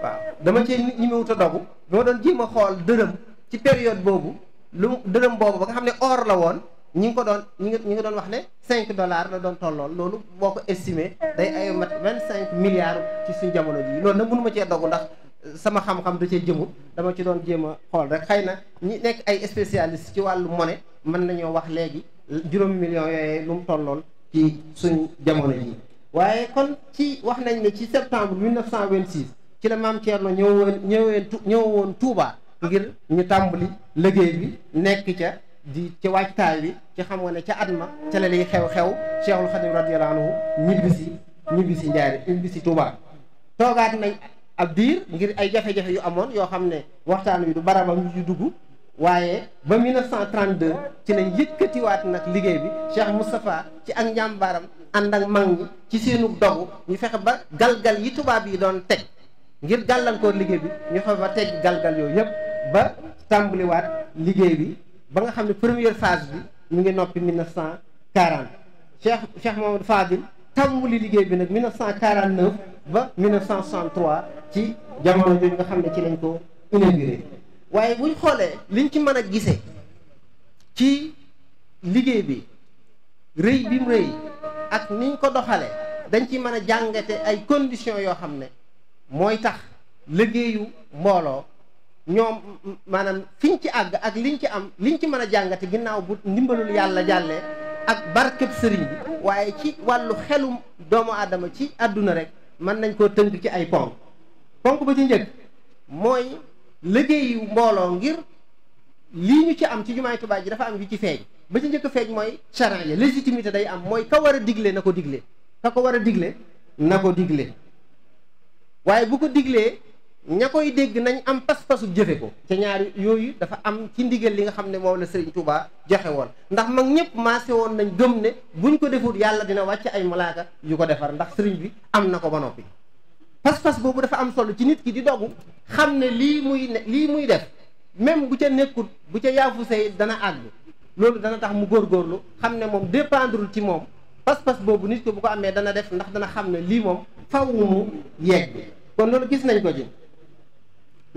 Speaker 4: waaw dama cee ñi mu wut a dogu bi ma doon jéem a xool dërëm ci période boobu lu dërëm boobu ba nga xam ne or la woon ñi ngi ko doon ñi ngi ñi ngi doon wax ne cinq dollars la doon tollool loolu boo ko estimé day ay mat vingt cinq milliards ci suñ jamono ji loolu nag mënu ma cee dogu ndax euh, sama xam-xam da cee jëmu dama ci doon jéem a xool rek xëy na ñi nekk ay spécialiste ci wàllu monnaie mën nañoo wax léegi juróomi million yooyee lu mu ci suñu jamono ji waaye kon ci wax nañ ne ci septembre 1926 ci la maam Thierno ñëwoon ñëween woon Touba ngir ñu tàmbali liggéey bi nekk ca di ci waajtaay bi ci xam nga ne ca at ma ca la lay xew-xew Cheikhul Khadim radiyallahu anhu ñibbisi ñibbisi njaari ci Touba toogaat nañ ab diir ngir ay jafe-jafe yu amoon yoo xam ne waxtaan wi du barabam yu dugg waaye ba 1932 ci lañ yëkkatiwaat nag liggéey bi Cheikh Moustapha ci ak njàmbaaram ànd ak mag ñi ci seenu dogu ñu fexe ba galgal yi tubaab yi doon teg ngir gàllankoor liggéey bi ñu fexe ba teg galgal yooyu yëpp ba tàmbaliwaat liggéey bi ba nga xam ne première phase bi mu ngi noppi 1940 Cheikh Cheikh Mamadou Fadil tàmbali liggéey bi nag 1949 ba 1963 ci jamono jooju nga xam ne ci lañ ko inauguré. waaye buñ xoolee liñ ci mën a gisee ci liggéey bi rëy bi mu rëy ak niñ ko doxale dañ ci mën a jàngate ay conditions yoo xam ne mooy tax liggéeyu mbooloo ñoom maanaam fiñ ci àgg ak liñ ci am liñ ci mën a jàngate ginnaaw bu ndimbalul yàlla jàlle ak barkeb sëriñ bi waaye ci wàllu xelu doomu aadama ci àdduna rek mën nañ koo tënk ci ay ponk ponk ba ci njëkk liggéeyu mbooloo ngir lii ñu ci am ci jumaay Tuubaa ji dafa am yu ci feeñ ba ci njëkk feeñ mooy charia légitimité day am mooy ka war a digle na ko digle ka ko war a digle na ko digle waaye bu ko diglee ña koy dégg nañ am pas-pasu jëfe ko ca ñaar yooyu dafa am ci ndigal li nga xam ne moom la Serigne Touba joxe woon ndax mag ñëpp maase woon nañ gëm ne buñ ko defut yàlla dina wàcce ay malaaka yu ko defar ndax sëriñ bi am na ko ba noppi pas-pas solo ci nit ki di dogu xam ne lii muy lii muy def même bu ca nekkut bu ca yaafusee dana àgg loolu dana tax mu góor góorlu xam ne moom dépendrul ci moom pas-pas boobu nit ko bu ko amee dana def ndax dana xam ne lii moom fawu mu yegg kon loolu gis nañ ko ci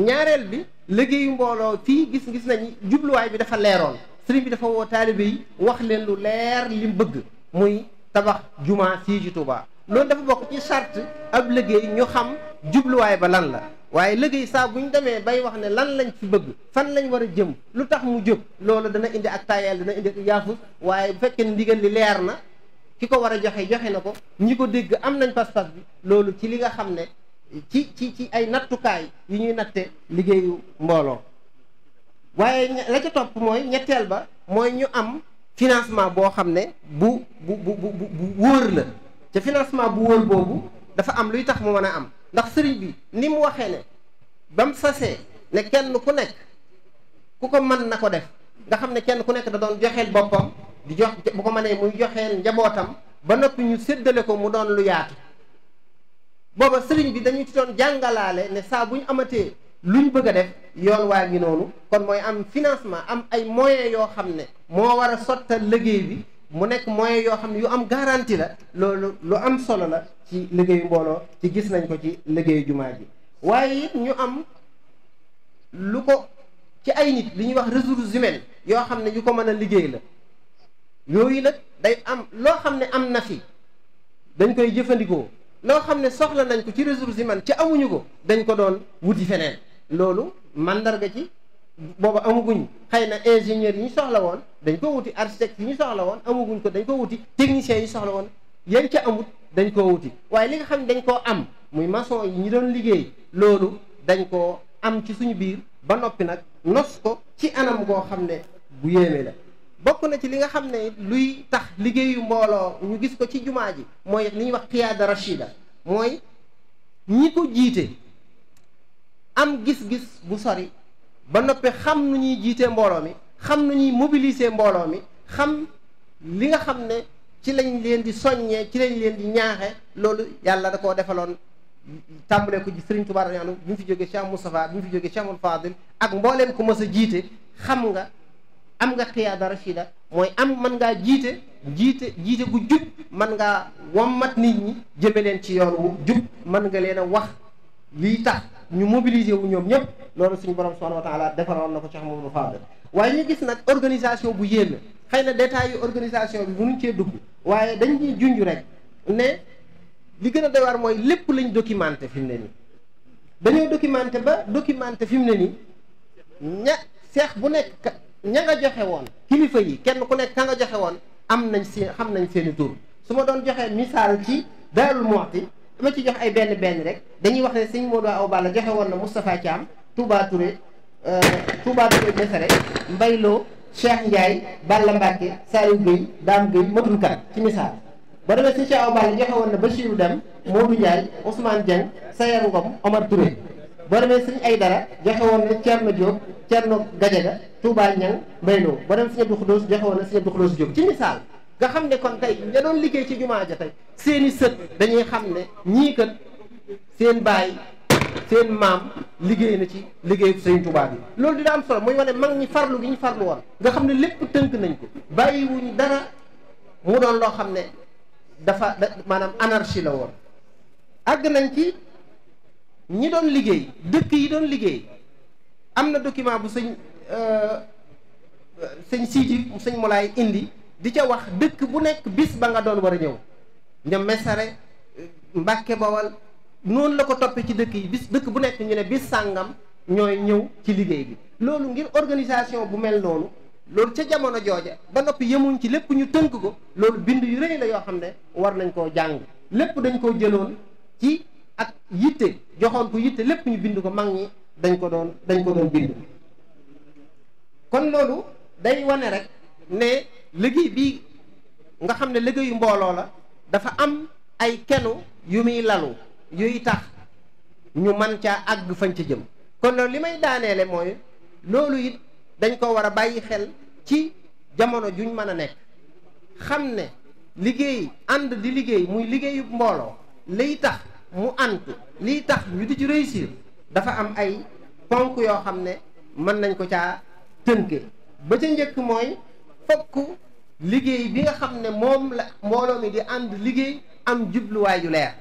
Speaker 4: ñaareel bi liggéeyu mbooloo fii gis gis nañ jubluwaay bi dafa leeroon sëriñ bi dafa woo taalibe yi wax leen lu leer li bëgg muy tabax jumaa fii ci Tuubaa loolu dafa bokk ci sart ab liggéey ñu xam jubluwaay ba lan la waaye léegi saa bu ñu demee bay wax ne lan lañ fi bëgg fan lañu war a jëm lu tax mu jóg loolu dana indi ak tayel dana indi ak yaafus waaye bu fekkee ne ndigal li leer na ki ko war a joxe joxe na ko ñi ko dégg am nañ pas-pas bi loolu ci li nga xam ne ci ci ci ay nattukaay yu ñuy natte liggéeyu mbooloo waaye la ca topp mooy ñetteel ba mooy ñu am financement boo xam ne bu bu bu bu bu wóor la ca financement bu wóor boobu dafa am luy tax mu mën a am ndax sëriñ bi ni mu waxee ne ba mu sasee ne kenn ku nekk ku ko mën na ko def nga xam ne kenn ku nekk da doon joxeel boppam di jox bu ko mënee muy joxeel njabootam ba noppi ñu seddale ko mu doon lu yaatu booba sëriñ bi dañu ci doon jàngalaale ne saa bu ñu amatee luñ bëgg a def yoon waa ngi noonu kon mooy am financement am ay moyens yoo xam ne moo war a sottal liggéey bi mu nekk moyens yoo xam ne yu am garanti la loolu lu am solo la ci liggéeyu mbooloo ci gis nañ ko ci liggéeyu jumaa ji waaye it ñu am lu ko ci ay nit li ñuy wax ressources humaines yoo xam ne yu ko mën a liggéey la yooyu nag day am loo xam ne am nafi dañ koy jëfandikoo loo xam ne soxla nañ ko ci ressources humaines ci amuñu ko dañ ko doon wuti feneen loolu màndarga ci booba amaguñ xëy na ingénieurs yi ñu soxla woon dañ ko wuti architecte yi ñu soxla woon amaguñ ko dañ ko wuti techniciens yi soxla woon yéen ca amut dañ koo wuti waaye li nga xam ne dañ koo am muy mason yi ñu doon liggéey loolu dañ koo am ci suñu biir ba noppi nag nos ko ci anam goo xam ne bu yéeme la bokk na ci li nga xam ne luy tax liggéeyu mbooloo ñu gis ko ci jumaa ji mooy li ñuy wax qiyaada rachida mooy ñi ko jiite am gis-gis bu sori ba noppi xam nu ñuy jiite mbooloo mi xam na ñuy mobiliser mbooloo mi xam li nga xam ne ci lañ leen di soññee ci lañ leen di ñaaxe loolu yàlla da koo defaloon tàmbalee ko ci Sëriñ Tuubaa radiyallaahu anhu bi mu fi jógee Cheikh Moustapha bi mu fi jógee Cheikh Mouhamadou Fadil ak mbooleem ku mës a jiite xam nga am nga xiyaada rachida mooy am mën ngaa jiite jiite jiite gu jub man ngaa wommat nit ñi jëme leen ci yoon wu jub mën nga leen a wax lii tax ñu mobiliser wu ñoom ñëpp loolu suñu borom subhaanahu wa taala defaroon na ko ci Mouhamadou Fadil waaye ñu gis nag organisation bu yéeme xëy na détails yu organisation bi bu mënuñ cee dugg waaye dañ ñuy junj rek ne li gën a doy waar mooy lépp lañ documenté fim ne nii dañoo documenté ba documenté fi mu ne nii ña seex bu nekk ña nga joxe woon kilifa yi kenn ku nekk ka nga joxe woon am nañ seen xam nañ seeni i su ma doon joxe misaal ci Daarul Muxti dama ci jox ay benn benn rek dañuy wax ne sëñ Modou Awa Balla joxe woon na Moustapha Thiam Touba Touré euh, Touba Touré Mesere Mbayloo Cheikh Ndiaye Balla Mbacke Saliou Guèye Dame Guèye matul kan ci misaal ba demee si Cheikh Awa Balla joxe woon na Bachirou Deme Modou Ndiaye Ousmane Dieng Sayar Ngom Omar Touré boo demee suñu ay dara joxe na Thierno Diop Thierno Gadiaga Touba Niang Mbaylo boo demee suñu Abdou na suñu Abdou Khoudous Diop ci misaal nga xam ne kon tey ña doon liggéey ci jumaa ja tey seeni sët dañuy xam ne ñii kat seen baay seen maam liggéey na ci liggéey sëñ Tuubaa bi loolu dina am solo mooy wane mag ñi farlu gi ñu farlu woon nga xam ne lépp tënk nañ ko bàyyiwuñ dara mu doon loo xam ne dafa maanaam anarchie la woon àgg nañ ci ñi doon liggéey dëkk yi doon liggéey am na document bu sëñ euh, sëñ siiji sëñ Mulaay indi di ca wax dëkk bu nekk bis ba nga doon war a ñëw ñoom Mesare Mbàkke Bawal noonu la ko toppee ci dëkk yi bis dëkk bu nekk ñu ne bis sàngam ñooy ñëw ci liggéey bi loolu ngir organisation bu mel noonu loolu ca jamono jooja ba noppi yemuñ ci lépp ñu tënk ko loolu bind yu rëy la yoo xam ne war nañ koo jàng lépp dañ koo jëloon ci ak yitte joxoon ko yitte lépp ñu bind ko mag ñi dañ ko doon dañ ko doon bind kon loolu day wane rek ne liggéey bi nga xam ne liggéeyu mbooloo la dafa am ay kenu yu muy lalu yuy tax ñu man caa àgg fañ ca jëm kon loolu li may daaneele mooy loolu it dañ ko war a bàyyi xel ci jamono juñ mën a nekk xam ne liggéey ànd di liggéey muy liggéeyu mbooloo liy tax mu ànt liy tax ñu di ci réussir dafa am ay ponk yoo xam ne mën nañ ko caa tënke ba ca njëkk mooy fokk liggéey bi nga xam ne moom la mbooloo mi di ànd liggéey am jubluwaay yu leer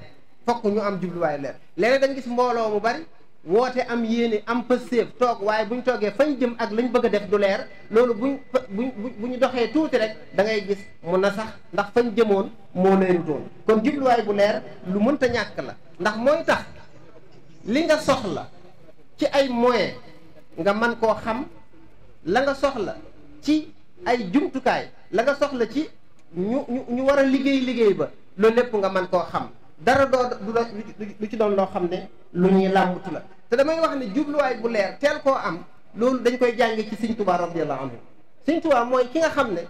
Speaker 4: fokk ñu am jubluwaay leer léeg dañ gis mbooloo mu bari woote am yéene am pëseef toog waaye bu ñu toogee fañ jëm ak lañ bëgg a def du leer loolu buñ buñ bu ñu doxee tuuti rek da ngay gis mun a sax ndax fañ jëmoon moo leerutoon kon jubluwaay bu leer lu mënta ñàkk la ndax mooy tax li nga soxla ci ay moye nga man koo xam la nga soxla ci ay jumtukaay la nga soxla ci ñu ñu ñu war a liggéey liggéey ba loolu lépp nga man koo xam dara doo du la lu ci doon loo xam ne lu ñuy làmbatu la te damay wax ne jubluwaay bu leer teel koo am loolu dañ koy jànge ci Sëñ Tuubaa radiyallaahu anhu Sëñ Tuubaa mooy ki nga xam ne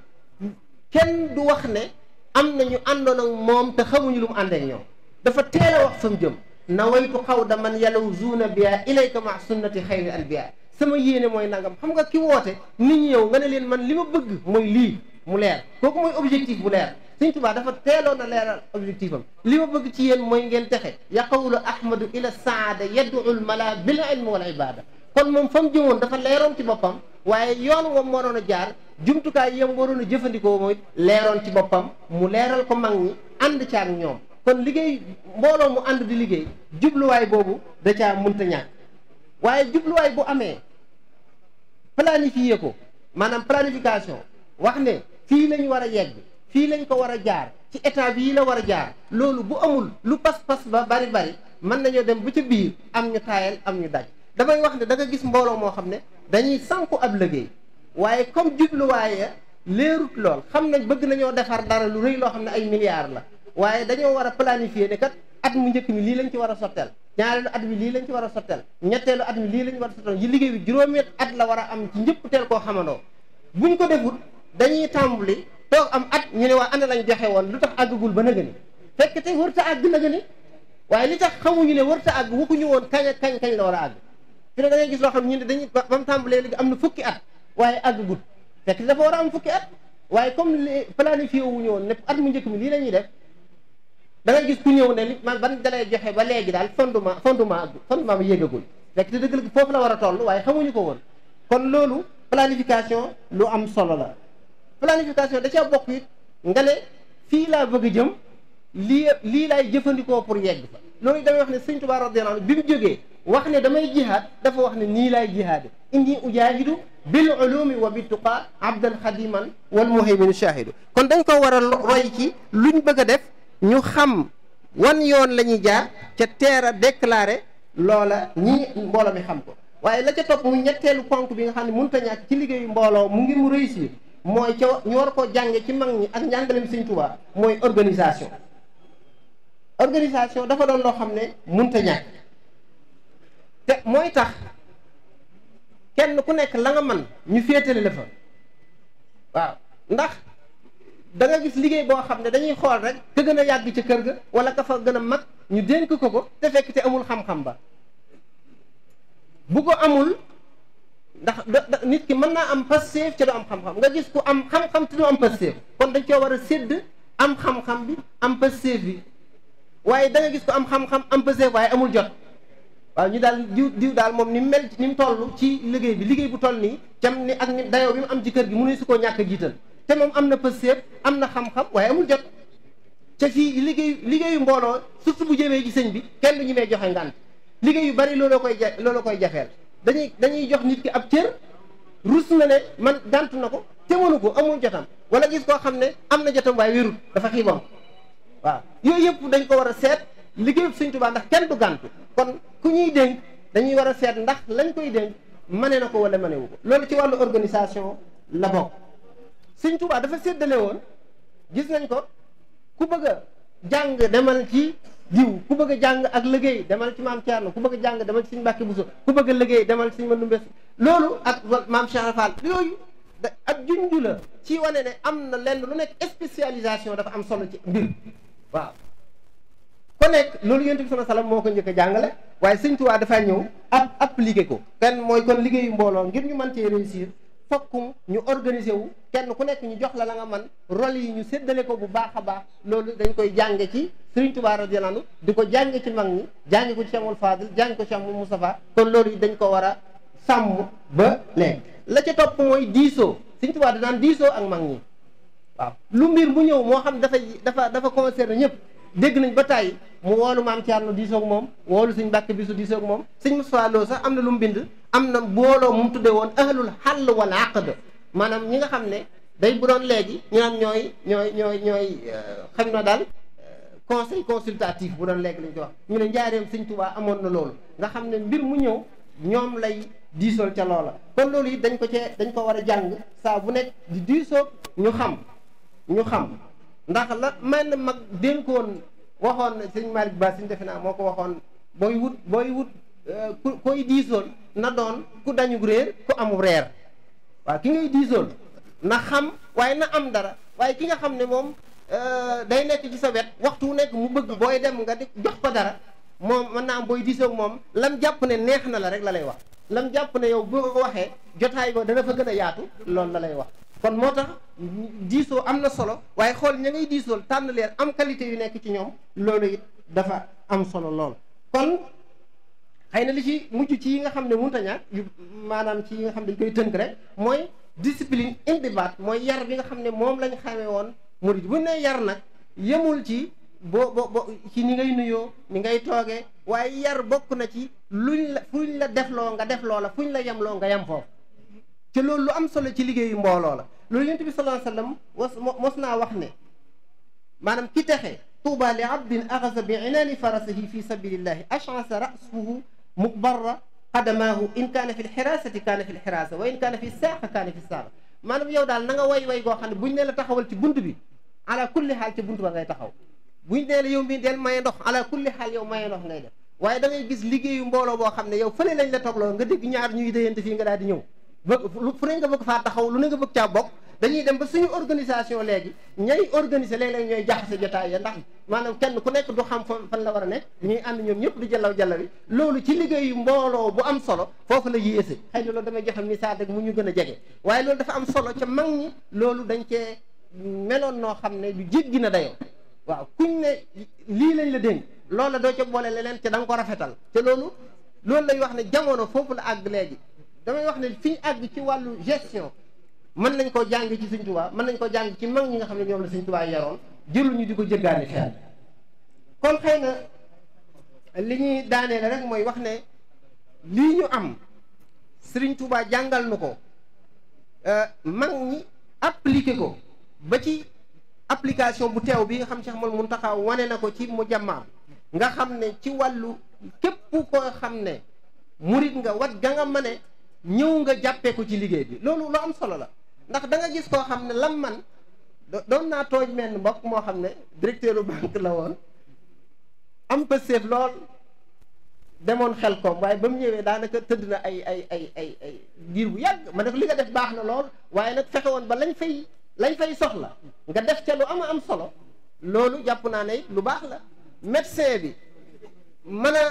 Speaker 4: kenn du wax ne am na ñu àndoon ak moom te xamuñu lu mu ànd ak ñoom dafa teel a wax fa mu na nawaytu xaw da man yalaw zuuna biya ilayka ma sunnati xayri anbiya sama yéene mooy nangam xam nga ki woote nit ñi yow nga ne leen man li ma bëgg mooy lii mu leer kooku mooy objectif bu leer Sëñ Tuubaa dafa teeloon a leeral objectif am li ma bëgg ci yéen mooy ngeen texe yaqawlu ahmadu ila saada yad'ul mala bil ilmi wal ibada kon moom fa mu jëmoon dafa leeroon ci boppam waaye yoon moo waroon a jaar jumtukaay yam waroon a jëfandikoo mooy leeroon ci boppam mu leeral ko mag ñi ànd ci ak ñoom kon liggéey mbooloo mu ànd di liggéey jubluwaay boobu da caa mënta ñàkk waaye jubluwaay bu amee planifié ko maanaam planification wax ne fii la war a yegg fii lañ ko war a jaar ci état bii la war a jaar loolu bu amul lu pas-pas ba bari bari mën nañoo dem bu ci biir am ñu taayal am ñu daj damay wax ne da nga gis mbooloo moo xam ne dañuy sànku ab liggéey waaye comme jubluwaaye leerut lool xam nañ bëgg nañoo defar dara lu rëy loo xam ne ay milliards la waaye dañoo war a planifier ne kat at mu njëkk mi lii lañ ci war a sotteel ñaareelu at mi lii lañ ci war a sotteel ñetteelu at mi lii lañ war a sotteel yi liggéey bi juróomi at la war a am teel koo xamandoo buñ ko defut dañuy tàmbali toog am at ñu ne waa ana lañ joxe woon lu tax àggagul ba nëgëni fekk te wërta àgg nëgëni waaye li tax xamuñu ne wërta àgg waxuñu woon kañ kañ kañ la war a àgg fi ne da gis loo xam ñu ne dañuy ba mu tàmbalee léegi am na fukki at waaye àggagul fekk te dafa war am fukki at waaye comme li planifié wuñu woon ne at mu njëkk mi nii la def da gis ku ñëw ne li man ban dalay joxe ba léegi daal fondement fondement àgg fondement bi yéegagul fekk te dëgg la foofu la war a toll waaye xamuñu ko woon kon loolu planification lu am solo la planification da caa bokk it nga ne fii laa bëgg jëm lii lii laay jëfandikoo pour yegg fa loolu damay wax ne sëñ Tuubaa radiyallaahu anhu bi mu jógee wax ne damay jihaad dafa wax ne nii laay jihaade inni ujaahidu bil ulumi wa bi tuqaa abdan xadiman wal muhaymin shahidu kon dañ ko war a roy ci ñu bëgg a def ñu xam wan yoon lañuy jaar ca teer a déclaré loola ñii mbooloo mi xam ko waaye la ca topp mu ñetteelu ponk bi nga xam ne mënut ñàkk ci liggéeyu mbooloo mu ngi mu réussir mooy ca ñu war koo jànge ci mag ñi ak njàngaleem Sëñ Tuubaa mooy organisation organisation dafa doon loo xam ne munta ñàkk te mooy tax kenn ku nekk la nga man ñu féetale la fa waaw ndax danga gis liggéey boo xam ne dañuy xool rek ka gën a yàgg ca kër ga wala ka fa gën a mag ñu dénk ko ko te fekk te amul xam-xam ba bu ko amul ndax da nit ki mën naa am passeef ca du am xam-xam nga gis ku am xam-xam te du am passeef kon dañ coo war a sédd am xam-xam bi am passeef bi waaye da gis ko am xam-xam am passeef waaye amul jot waaw ñu daal diw diw daal moom ni mu mel ni mu toll ci liggéey bi liggéey bu toll nii cam ni ak ni dayoo bi mu am ci kër gi mu mënuñu su ko ñàkk jiital te moom am na passeef am na xam-xam waaye amul jot ca fii liggéey liggéeyu mbooloo su bu jëmee ci sëñ bi kenn du ñu mee joxe ngànt liggéey yu bari loolu koy ja loolu koy jafeel dañuy dañuy jox nit ki ab cër rus na ne man dantu na ko te mënu ko amul jotam wala gis koo xam ne am na jotam waaye wérul dafa xiibam waaw yooyu yëpp dañ ko war a seet liggéey Sëñ Tuubaa ndax kenn du gàntu kon ku ñuy dénk dañuy war a seet ndax lañ koy dénk mane na ko wala manewu ko loolu ci wàllu organisation la bokk Sëñ Tuubaa dafa séddale woon gis nañ ko ku bëgg a jàng demal ci diw ku bëgg a jàng ak liggéey demal ci maam Thierno ku bëgg a jàng demal ci suñu bu so ku bëgg a liggéey demal ci suñu Mandumbe loolu ak maam Cheikh Fall yooyu ak junju la ci wane ne am na lenn lu nekk spécialisation dafa am solo ci mbir waaw ku nekk loolu yonent bi sallallahu alayhi moo ko njëkk a jàngale waaye Sëñ waa dafaa ñëw ab appliqué ko kenn mooy kon liggéeyu mbooloo ngir ñu mën cee réussir fokkum ñu organiser wu kenn ku nekk ñu jox la la nga man rôle yi ñu séddale ko bu baax a baax loolu dañ koy jànge ci Serigne Touba radiyallahu anhu di ko jànge ci mag ñi jànge ko ci Cheikhul Fadil jànge ko ci Cheikhul Moustapha kon loolu yi dañ ko war a sàmm ba léegi la ca topp mooy diisoo Serigne Touba da daan diisoo ak mag ñi waaw lu mbir mu ñëw moo xam dafa dafa dafa concerné ñëpp dégg nañ ba tàyyi mu woolu maam Thierno diisoo ak moom woolu Serigne Mbàkke Bousso diisoo ak moom Serigne Moustapha sax am na lu mu bind am na mbooloo mu tuddee woon ahlul xàll wal aqd maanaam ñi nga xam ne day bu doon léegi ñu naan ñooy ñooy ñooy ñooy euh, xam na daal euh, conseil consultatif bu doon léegi lañ ko wax ñu ne njaareem sëñ Tuubaa amoon na loolu nga xam ne mbir mu ñëw ñoom lay diisool ca loola kon loolu it dañ ko cee dañ ko war a jàng saa bu nekk di diisoo ñu xam ñu xam ndax la man mag dénkoon waxoon na sëñ Malick Ba sëñ defe naa moo ko waxoon booy wut booy wut ku koy diisool na doon ku dañu réer ku amul reer waaw ki ngay diisool na xam waaye na am dara waaye ki nga xam ne moom euh, day nekk ci sa wet waxtu nekk mu bëgg booy dem nga di jox ko dara moom mën naa am booy diisoog moom lam jàpp ne neex na la rek la lay wax lam jàpp ne yow boo ko waxee jotaay ba dana fa gën a yaatu loolu la lay wax kon moo tax diisoo am na solo waaye xool ña ngay diisool tànn leer am qualité yu nekk ci ñoom loolu it dafa am solo lool xëy na li ci mujj ci yi nga xam ne mënut a maanaam ci yi nga xam ne dañ koy tënk rek mooy discipline indibaat mooy yar bi nga xam ne moom lañ xamee woon murid bu ne yar nag yemul ci boo bo bo ci ni ngay nuyoo ni ngay toogee waaye yar bokk na ci luñ la fuñ la defloo nga def loola fuñ la yemloo nga yem foofu ci loolu lu am solo ci liggéeyu mbooloo la loolu yonent bi sallallahu alayhi wa mos naa wax ne maanaam ki texe tuuba li abdin axasa bi inaani farasihi fi sabilillahi ashasa rasuhu mukbarra qadamaahu in kaana fi lxiraasati kaana fi lxiraasa wa in kaana fi saaqa kaana fi saaqa maanaam yow daal na nga way way goo xam ne buñ ne la taxawal ci bunt bi ala kulli xaal ci bunt ba ngay taxaw buñ ne la yow mii del maye ndox ala kulli xaal yow maye ndox ngay def waaye da gis liggéeyu mbooloo boo xam ne yow fële lañ la togloo nga dégg ñaar ñuy déyante fii nga daal di ñëw bëgg fu ne nga bëgg faa taxaw lu ne nga bëgg caa bokk dañuy dem ba suñu organisation léegi ñay organiser lay léeg ñooy jaxase jotaay ya ndax maanaam kenn ku nekk du xam fan la war a nekk ñuy ànd ñoom ñëpp du jëlaw jëlaw loolu ci liggéeyu mbooloo bu am solo foofu la yéese xëy na loolu damay joxe misaal rek mu ñu gën a jege waaye loolu am solo ca mag ñi loolu dañ cee meloon noo xam ne lu jéggi na dayoo waaw kuñ ne lii lañ la dénk loola doo ca boole leen te da nga ko rafetal te loolu loolu lay wax ne jamono foofu la àgg léegi damay wax ne fi ñu àgg ci wàllu gestion mën nañ koo jàng ci sëñ tubaa mën nañ koo jàng ci mag ñi nga xam ne ñoom la sëñ tubaa yaroon jëlu ñu di ko jëggaani xel kon xëy na li ñuy daanee la rek mooy wax ne lii ñu am sëriñ tubaa jàngal nu ko euh, mag ñi appliqué ko ba ci application bu teew bi nga xam Cheikh Mouhamed Mountakha wane na ko ci mu jàmmaam nga xam ne ci wàllu képp koo xam ne murit nga wat ga nga mane ñëw nga jàppee ko ci liggéey bi loolu lu am solo la ndax danga gis koo xam ne lam man doon naa tooj menn mbokk moo xam ne directeur u banque la woon am pëseef lool demoon xel koom waaye ba mu ñëwee daanaka tëdd na ay ay ay ay ay diir bu yàgg ma ne ko li nga def baax na lool waaye nag fexe woon ba lañ fay lañ fay soxla nga def ca lu ama am solo loolu jàpp naa ne lu baax la médecin bi mën a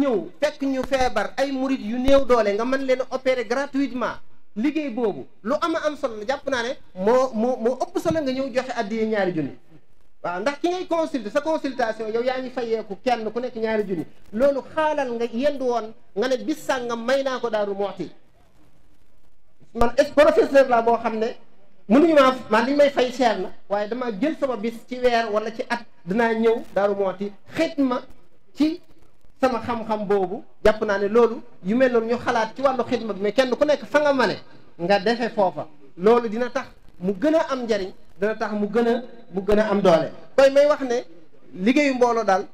Speaker 4: ñëw fekk ñu feebar ay murit yu néew doole nga mën leen opérer gratuitement liggéey boobu lu ama am solo la jàpp naa ne moo moo moo ëpp solo nga ñëw joxe addiye ñaari junni waaw ndax ki ngay consulter sa consultation yow yaa ngi fayeeku kenn ku nekk ñaari junni loolu xaalal nga yendu woon nga ne bis sàngam may naa ko daaru moxti man ex professeur la boo xam ne mënuñu maa maa li may fay cher na waaye damaa jël sama bis ci weer wala ci at danaa ñëw daaru moxti xit ma ci sama xam-xam boobu jàpp naa ne loolu yu mel noonu ñu xalaat ci wàllu xidma bi mais kenn ku nekk fa nga mane nga defe foofa loolu dina tax mu gën a am njariñ dina tax mu gën a mu gën a am doole koy may wax ne liggéeyu mbooloo daal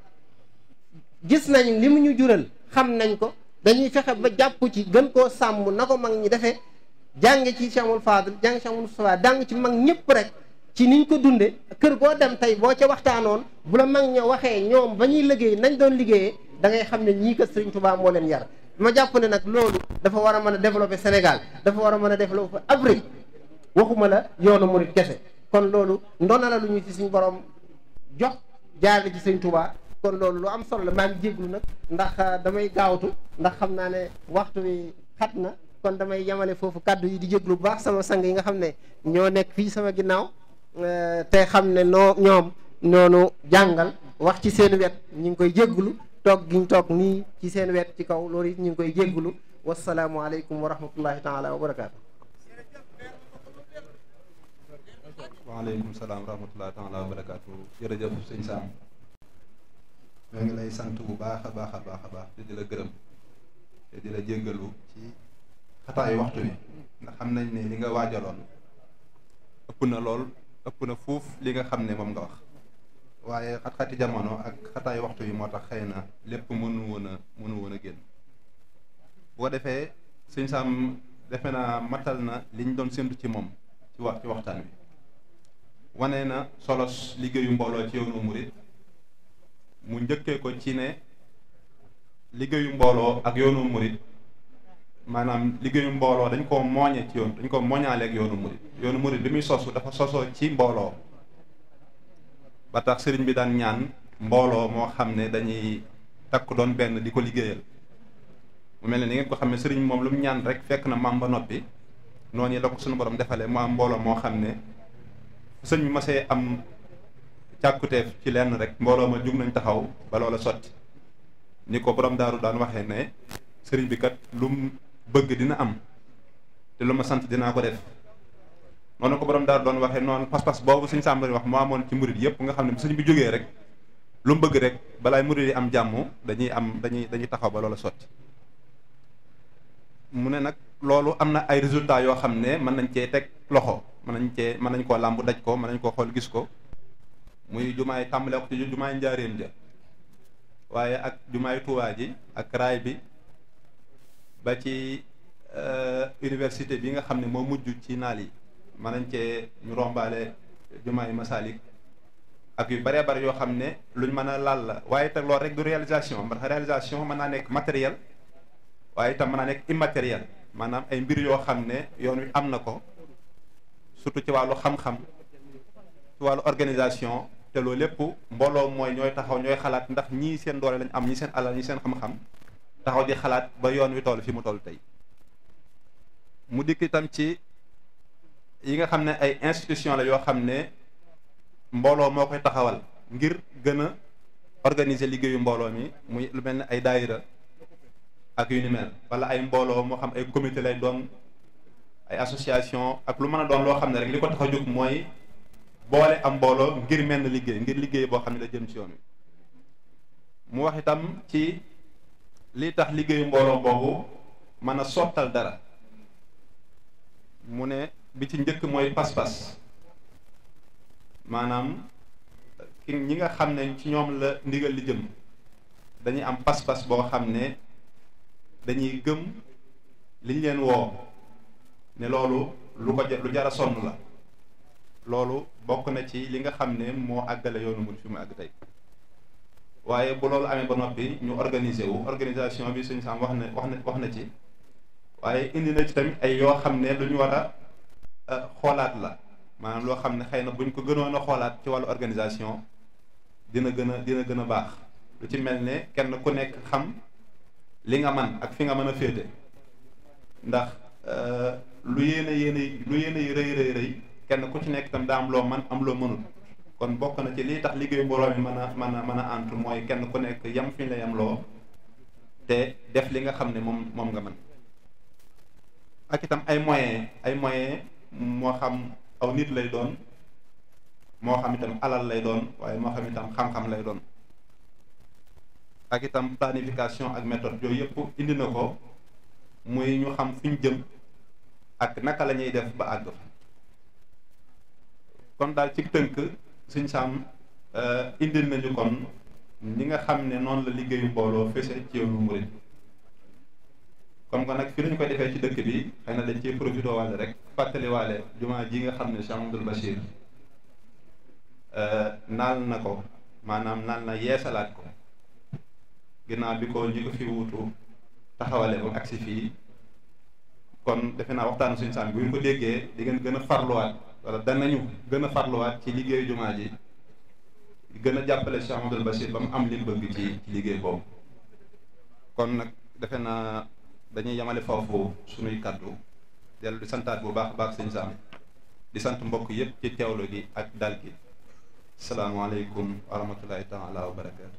Speaker 4: gis nañ li mu ñu jural xam nañ ko dañuy fexe ba jàpp ci gën koo sàmm na ko mag ñi defee jàng ci Cheikh Amadou Fadl jàng Cheikh Amadou Moustapha jàng ci mag ñëpp rek ci niñ ko dunde kër koo dem tey boo ca waxtaanoon bu la mag ña waxee ñoom ba ñuy liggéey nañ doon liggéeyee da ngay xam ne ñii kat Serigne Touba moo leen yar ma jàpp ne nag loolu dafa war a mën a développer Sénégal dafa war a mën a développer Afrique waxuma la yoonu murit kese kon loolu ndona la lu ñu ci suñu borom jox jaar ci Serigne Touba kon loolu lu am solo la maa ngi jéglu nag ndax euh, damay gaawtu ndax xam naa ne waxtu wi xat na kon damay yemale foofu kàddu yi di jéglu bu baax sama sang yi nga xam ne ñoo nekk fii sama ginnaaw euh, te xam ne noo ñoom noonu jàngal wax ci seen wet ñu ngi koy jégglu toog gi ñu nii ci seen wet ci kaw loolu ñu ngi koy jéggulu wasalaamualeykum wa rahmatullahi taala wa barakaatu. waaleykum
Speaker 5: salaam wa rahmatullahi taala wa barakaatu sëñ Sam. ñoo ngi lay sant bu baax a baax a baax a baax te di la gërëm te di la jéggalu ci xataayu waxtu bi ndax xam nañ ne li nga waajaloon ëpp na lool ëpp na fuuf li nga xam ne moom nga wax waaye xat-xati jamono ak xataay waxtu yi moo tax xëy na lépp mënu woon a mënu woon a génn boo defee sëñ defe naa matal na liñ doon séntu ci moom ci wax ci waxtaan wi wane na solos liggéeyu mbooloo ci yoonu murit mu njëkkee ko ci ne liggéeyu mbooloo ak yoonu murit maanaam liggéeyu mbooloo dañ koo mooñe ci yoon dañ ko mooñaale ak yoonu murit yoonu murit bi muy sosu dafa sosoo ci mbooloo ba sëriñ bi daan ñaan mbooloo moo xam ne dañuy takk doon benn di ko liggéeyal mu mel ne ni ngeen ko xam ne sëriñ moom lu mu ñaan rek fekk na maam ba noppi noonu la ko suñu borom defalee mu am mbooloo moo xam ne sëñ bi masee am càkkuteef ci lenn rek mbooloo ma jug nañ taxaw ba loola sotti ni ko boroom daaru daan waxee ne sëriñ bi kat lu mu bëgg dina am te lu ma sant dinaa ko def noonu ko borom daara doon waxee noonu pas-pas boobu suñ sàmbari wax moo amoon ci murid yëpp nga xam ne suñ bi jógee rek lu mu bëgg rek balaay murid yi am jàmm dañuy am dañuy dañuy taxaw ba loola sotti mu ne nag loolu am na ay résultats yoo xam ne mën nañ cee teg loxo mën nañ cee mën nañ koo làmb daj ko mën nañ koo xool gis ko muy jumaay tàmbale ko ci jumaay njaaréem ja waaye ak jumaay Tuubaa ji ak raay bi ba ci euh, université bi nga xam ne moo mujj ci naal yi mën nañ cee ñu rombale jumaa yi masaalik ak yu bare bëri yoo xam ne luñ mën a laal la waaye itam loolu rek du réalisation ndax réalisation mën naa nekk matériel waaye itam mën naa nekk immatériel maanaam ay mbir yoo xam ne yoon wi am na ko surtout ci wàllu xam-xam ci wàllu organisation te loolu lépp mbooloo mooy ñooy taxaw ñooy xalaat ndax ñii seen doole lañ am ñii seen alal ñii seen xam-xam taxaw di xalaat ba yoon wi tool fi mu toll tey mu dikk itam yi nga xam ne ay institution la yoo xam ne mbooloo moo koy taxawal ngir gën a organiser liggéeyu mbooloo mi muy lu mel ni ay daayira ak yu ni mel wala ay mbooloo moo xam ay comité lay doon ay association ak lu mën a doon loo xam ne rek li ko tax jóg mooy boole am mbooloo ngir mel na liggéey ngir liggéey boo xam ne la jëm ci yoon wi mu wax itam ci li tax liggéeyu mbooloo boobu mën a sottal dara mu ne bi ci njëkk mooy pas-pas maanaam ki ñi nga xam ne ci ñoom la ndigal li jëm dañuy am pas-pas boo xam ne dañuy gëm liñ leen woo ne loolu lu ko lu jara sonn la loolu bokk na ci li nga xam ne moo àggale yoonu mu fi mu àgg tey waaye bu loolu amee ba noppi ñu organiser wu organisation bi suñu saam wax na wax na wax na ci waaye indi na ci tamit ay yoo xam ne lu ñu war xoolaat la maanaam loo xam ne xëy na buñ ko gënoon a xoolaat ci wàllu organisation dina gën a dina gën a baax lu ci mel ne kenn ku nekk xam li nga man ak fi nga mën a féete ndax euh, lu yéene yéene lu yéene yi rëy rëy rëy kenn ku ci nekk tam daa am loo man am loo mënul kon bokk na ci lii tax liggéey mbooloo mi mën a mën a mën a antu mooy kenn ku nekk yam fi ñu la yam loo te def li nga xam ne moom moom nga mën ak itam ay moyens ay moyens moo xam aw nit lay doon moo xam itam alal lay doon waaye moo xam itam xam-xam lay doon ak itam planification ak méthode yooyu yëpp indi na ko muy ñu xam fi ñu jëm ak naka la ñuy def ba àgg fa kon daal ci tënk suñ saam euh, indil nañu kon ñi nga xam ne noonu la liggéeyu mbooloo fese ci yoonu murid comme que nag fi lañu koy defee ci dëkk bi xëy na dañ ciy profité wàll rek fàttaliwaale jumaa ji nga xam ne Cheikh Amadou Bachir euh, naal na ko maanaam naal na yeesalaat ko ginnaaw bi ko ñi ko fi wuutu taxawale ba agsi fii kon defe naa waxtaan suñu sàmm bu ñu ko déggee di ngeen gën a farluwaat wala danañu gën a farluwaat ci liggéeyu jumaa ji gën a jàppale Cheikh Amadou Bachir ba mu am li mu bëgg ci liggéey boobu kon nag defe naa dañuy yamale foofu suñuy kaddu dellu di santaat bu baax baax sëñ Sam di sant mbokk yëpp ci teewlu gi ak dal gi salaamaaleykum wa rahmatullahi taala wa barakaatu